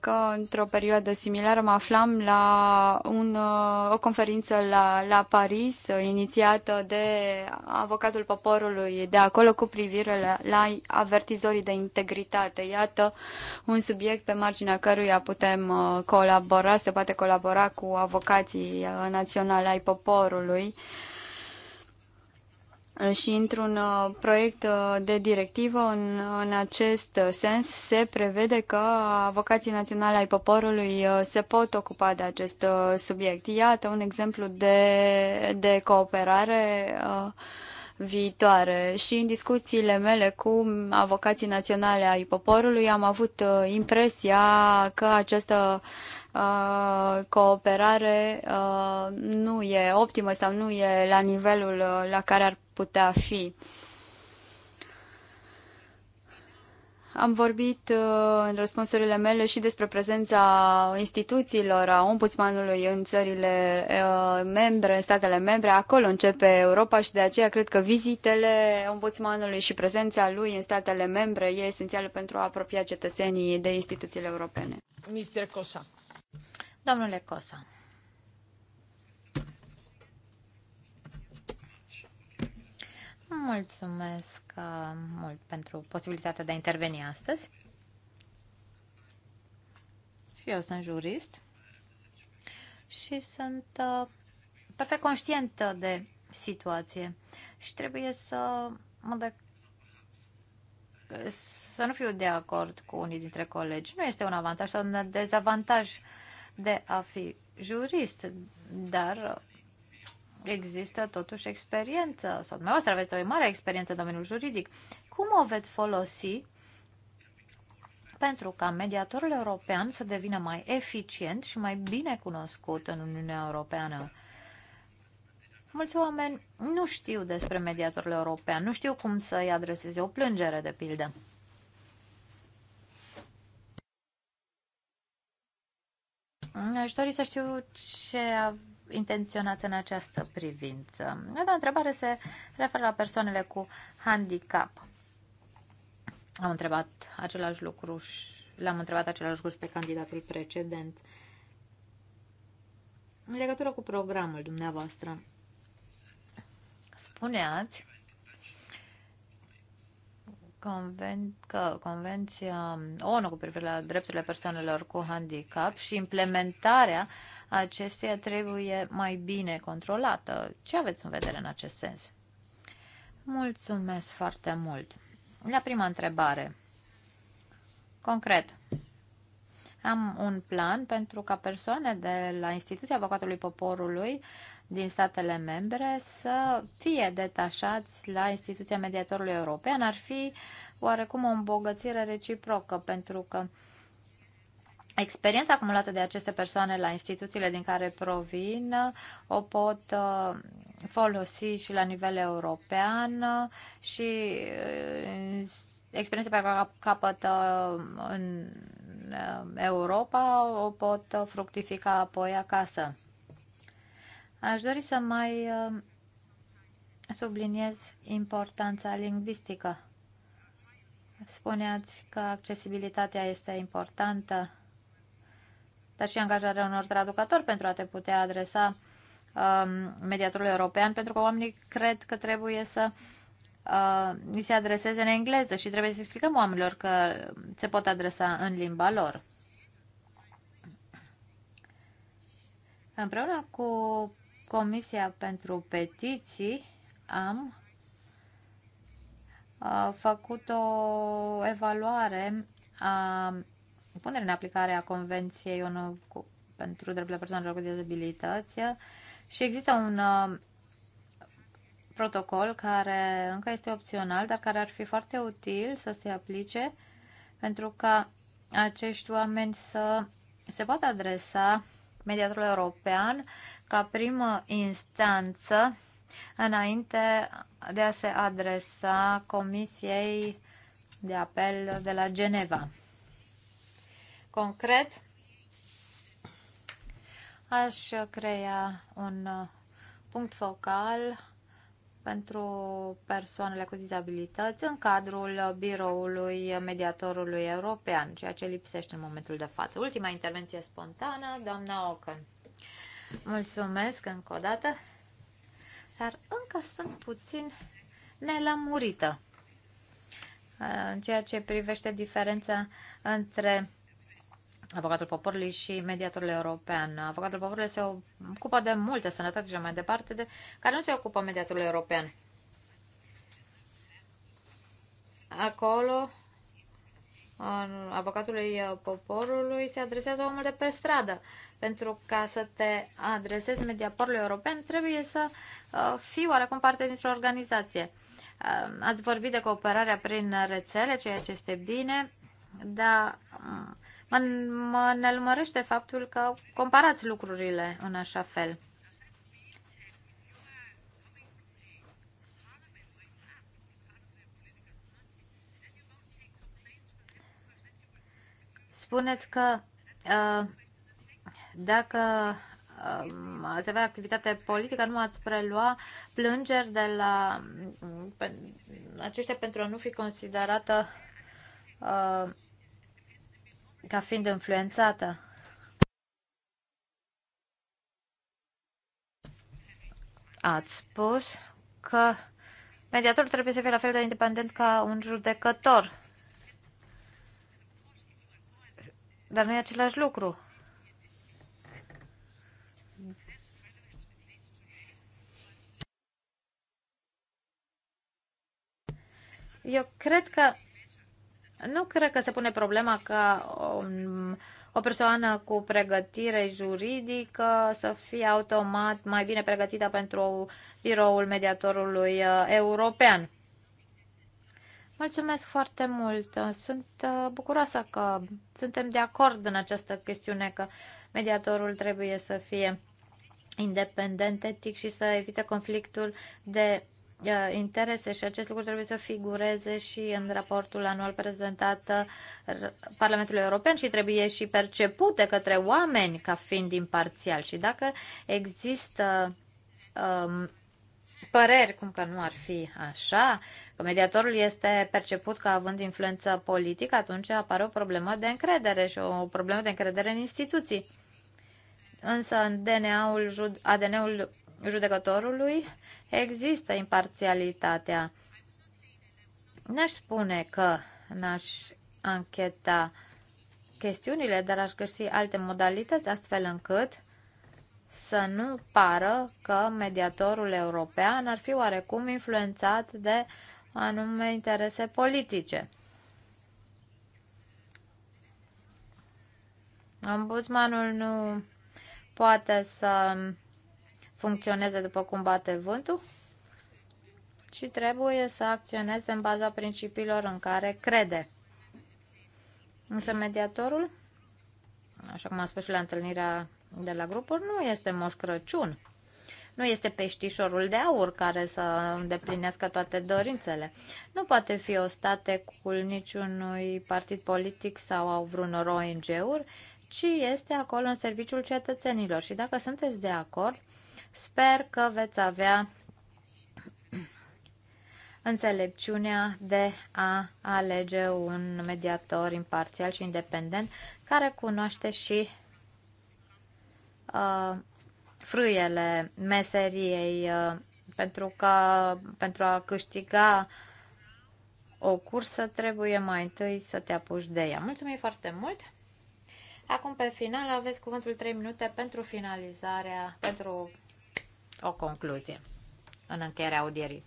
că într-o perioadă similară mă aflam la un, uh, o conferință la, la Paris uh, inițiată de avocatul poporului de acolo cu privire la, la avertizorii de integritate. Iată un subiect pe marginea căruia putem colabora, se poate colabora cu avocații naționali ai poporului. Uh, și într-un uh, proiect uh, de directivă în, în acest sens se prevede că avocații naționale ai poporului uh, se pot ocupa de acest subiect. Iată un exemplu de, de cooperare viitoare și în discuțiile mele cu avocații naționale ai poporului am avut impresia că această Uh, cooperare uh, nu e optimă sau nu e la nivelul uh, la care ar putea fi. Am vorbit în răspunsurile mele și despre prezența instituțiilor, a ombudsmanului în țările membre, în statele membre. Acolo începe Europa și de aceea cred că vizitele ombudsmanului și prezența lui în statele membre e esențială pentru a apropia cetățenii de instituțiile europene. Mr. Cosa. Domnule Cosa. Mulțumesc uh, mult pentru posibilitatea de a interveni astăzi. Și eu sunt jurist și sunt uh, perfect conștientă de situație și trebuie să mă de- să nu fiu de acord cu unii dintre colegi. Nu este un avantaj sau un dezavantaj de a fi jurist, dar există totuși experiență, sau dumneavoastră aveți o mare experiență în domeniul juridic. Cum o veți folosi pentru ca mediatorul european să devină mai eficient și mai bine cunoscut în Uniunea Europeană? Mulți oameni nu știu despre mediatorul european, nu știu cum să-i adreseze o plângere, de pildă. Aș dori să știu ce a intenționat în această privință. Da, întrebare se referă la persoanele cu handicap. Am întrebat același lucru și l-am întrebat același lucru și pe candidatul precedent. În legătură cu programul dumneavoastră, spuneați conven- că Convenția um, ONU cu privire la drepturile persoanelor cu handicap și implementarea acesteia trebuie mai bine controlată. Ce aveți în vedere în acest sens? Mulțumesc foarte mult. La prima întrebare, concret, am un plan pentru ca persoane de la Instituția Avocatului Poporului din statele membre să fie detașați la Instituția Mediatorului European. Ar fi oarecum o îmbogățire reciprocă pentru că Experiența acumulată de aceste persoane la instituțiile din care provin o pot uh, folosi și la nivel european uh, și uh, experiența pe care o capătă în Europa o pot fructifica apoi acasă. Aș dori să mai uh, subliniez importanța lingvistică. Spuneați că accesibilitatea este importantă, dar și angajarea unor traducători pentru a te putea adresa um, mediatorului european, pentru că oamenii cred că trebuie să uh, Uh, ni se adreseze în engleză și trebuie să explicăm oamenilor că se pot adresa în limba lor. Împreună cu Comisia pentru Petiții am uh, făcut o evaluare a punerii în aplicare a Convenției ONU pentru drepturile persoanelor cu dizabilități și există un uh, protocol care încă este opțional, dar care ar fi foarte util să se aplice pentru ca acești oameni să se poată adresa Mediatorul european ca primă instanță înainte de a se adresa Comisiei de Apel de la Geneva. Concret, aș crea un punct focal pentru persoanele cu dizabilități în cadrul biroului mediatorului european, ceea ce lipsește în momentul de față. Ultima intervenție spontană, doamna Ocan. Mulțumesc încă o dată, dar încă sunt puțin nelămurită uh, în ceea ce privește diferența între avocatul poporului și mediatorul european. Avocatul poporului se ocupă de multe sănătate și mai departe, de care nu se ocupă mediatorul european. Acolo, avocatului poporului se adresează omul de pe stradă. Pentru ca să te adresezi mediatorului european, trebuie să uh, fii oarecum parte dintr-o organizație. Uh, ați vorbit de cooperarea prin rețele, ceea ce este bine, dar um, Mă, mă nelumărește faptul că comparați lucrurile în așa fel. Spuneți că uh, dacă um, ați avea activitate politică, nu ați prelua plângeri de la aceștia pentru a nu fi considerată uh, ca fiind influențată ați spus că mediatorul trebuie să fie la fel de independent ca un judecător. Dar nu e același lucru. Eu cred că nu cred că se pune problema ca o, o persoană cu pregătire juridică să fie automat mai bine pregătită pentru biroul mediatorului uh, european. Mulțumesc foarte mult. Sunt uh, bucuroasă că suntem de acord în această chestiune că mediatorul trebuie să fie independent, etic și să evite conflictul de Uh, interese și acest lucru trebuie să figureze și în raportul anual prezentat uh, Parlamentului European și trebuie și perceput către oameni ca fiind imparțial. Și dacă există um, păreri cum că nu ar fi așa, că mediatorul este perceput ca având influență politică, atunci apare o problemă de încredere și o problemă de încredere în instituții. Însă în DNA-ul, ADN-ul judecătorului există imparțialitatea. N-aș spune că n-aș ancheta chestiunile, dar aș găsi alte modalități astfel încât să nu pară că mediatorul european ar fi oarecum influențat de anume interese politice. Ombudsmanul nu poate să funcționeze după cum bate vântul, ci trebuie să acționeze în baza principiilor în care crede. Însă mediatorul, așa cum am spus și la întâlnirea de la grupuri, nu este Moș Crăciun. Nu este peștișorul de aur care să îndeplinească toate dorințele. Nu poate fi o cu niciunui partid politic sau au vreunor ONG-uri, ci este acolo în serviciul cetățenilor. Și dacă sunteți de acord, Sper că veți avea înțelepciunea de a alege un mediator imparțial și independent care cunoaște și uh, frâiele meseriei uh, pentru că pentru a câștiga o cursă trebuie mai întâi să te apuci de ea. Mulțumim foarte mult! Acum pe final aveți cuvântul 3 minute pentru finalizarea, pentru o concluzie în încheierea audierii.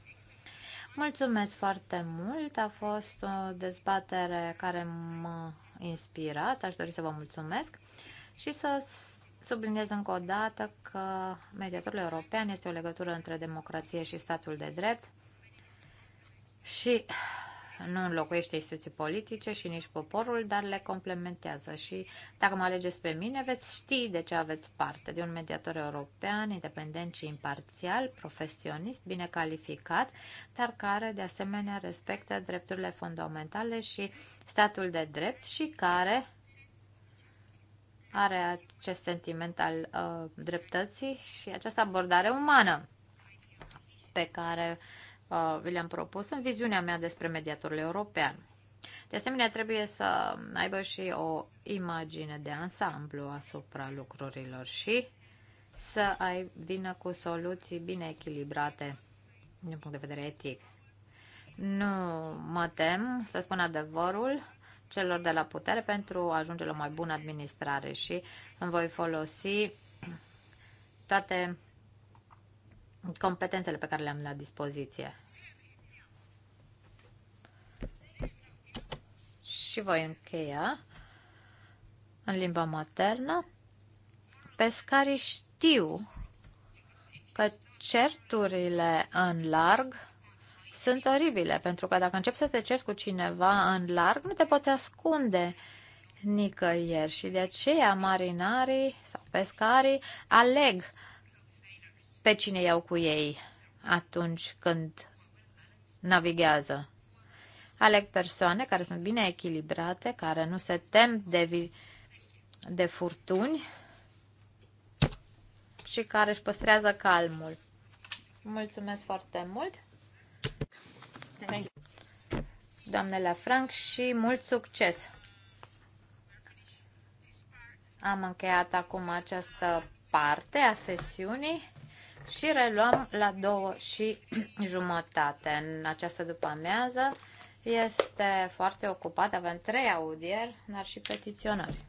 Mulțumesc foarte mult, a fost o dezbatere care m-a inspirat, aș dori să vă mulțumesc și să subliniez încă o dată că mediatorul european este o legătură între democrație și statul de drept și nu înlocuiește instituții politice și nici poporul, dar le complementează. Și dacă mă alegeți pe mine, veți ști de ce aveți parte. De un mediator european, independent și imparțial, profesionist, bine calificat, dar care de asemenea respectă drepturile fundamentale și statul de drept și care are acest sentiment al uh, dreptății și această abordare umană pe care uh, Uh, vi le-am propus în viziunea mea despre mediatorul european. De asemenea, trebuie să aibă și o imagine de ansamblu asupra lucrurilor și să ai, vină cu soluții bine echilibrate din punct de vedere etic. Nu mă tem să spun adevărul celor de la putere pentru a ajunge la mai bună administrare și îmi voi folosi toate competențele pe care le-am la dispoziție. Și voi încheia în limba maternă. Pescarii știu că certurile în larg sunt oribile, pentru că dacă începi să te ceri cu cineva în larg, nu te poți ascunde nicăieri și de aceea marinarii sau pescarii aleg pe cine iau cu ei atunci când navighează. Aleg persoane care sunt bine echilibrate, care nu se tem de, de furtuni și care își păstrează calmul. Mulțumesc foarte mult! Doamnele Frank și mult succes! Am încheiat acum această parte a sesiunii și reluăm la două și jumătate. În această după-amiază este foarte ocupat, avem trei audieri, dar și petiționări.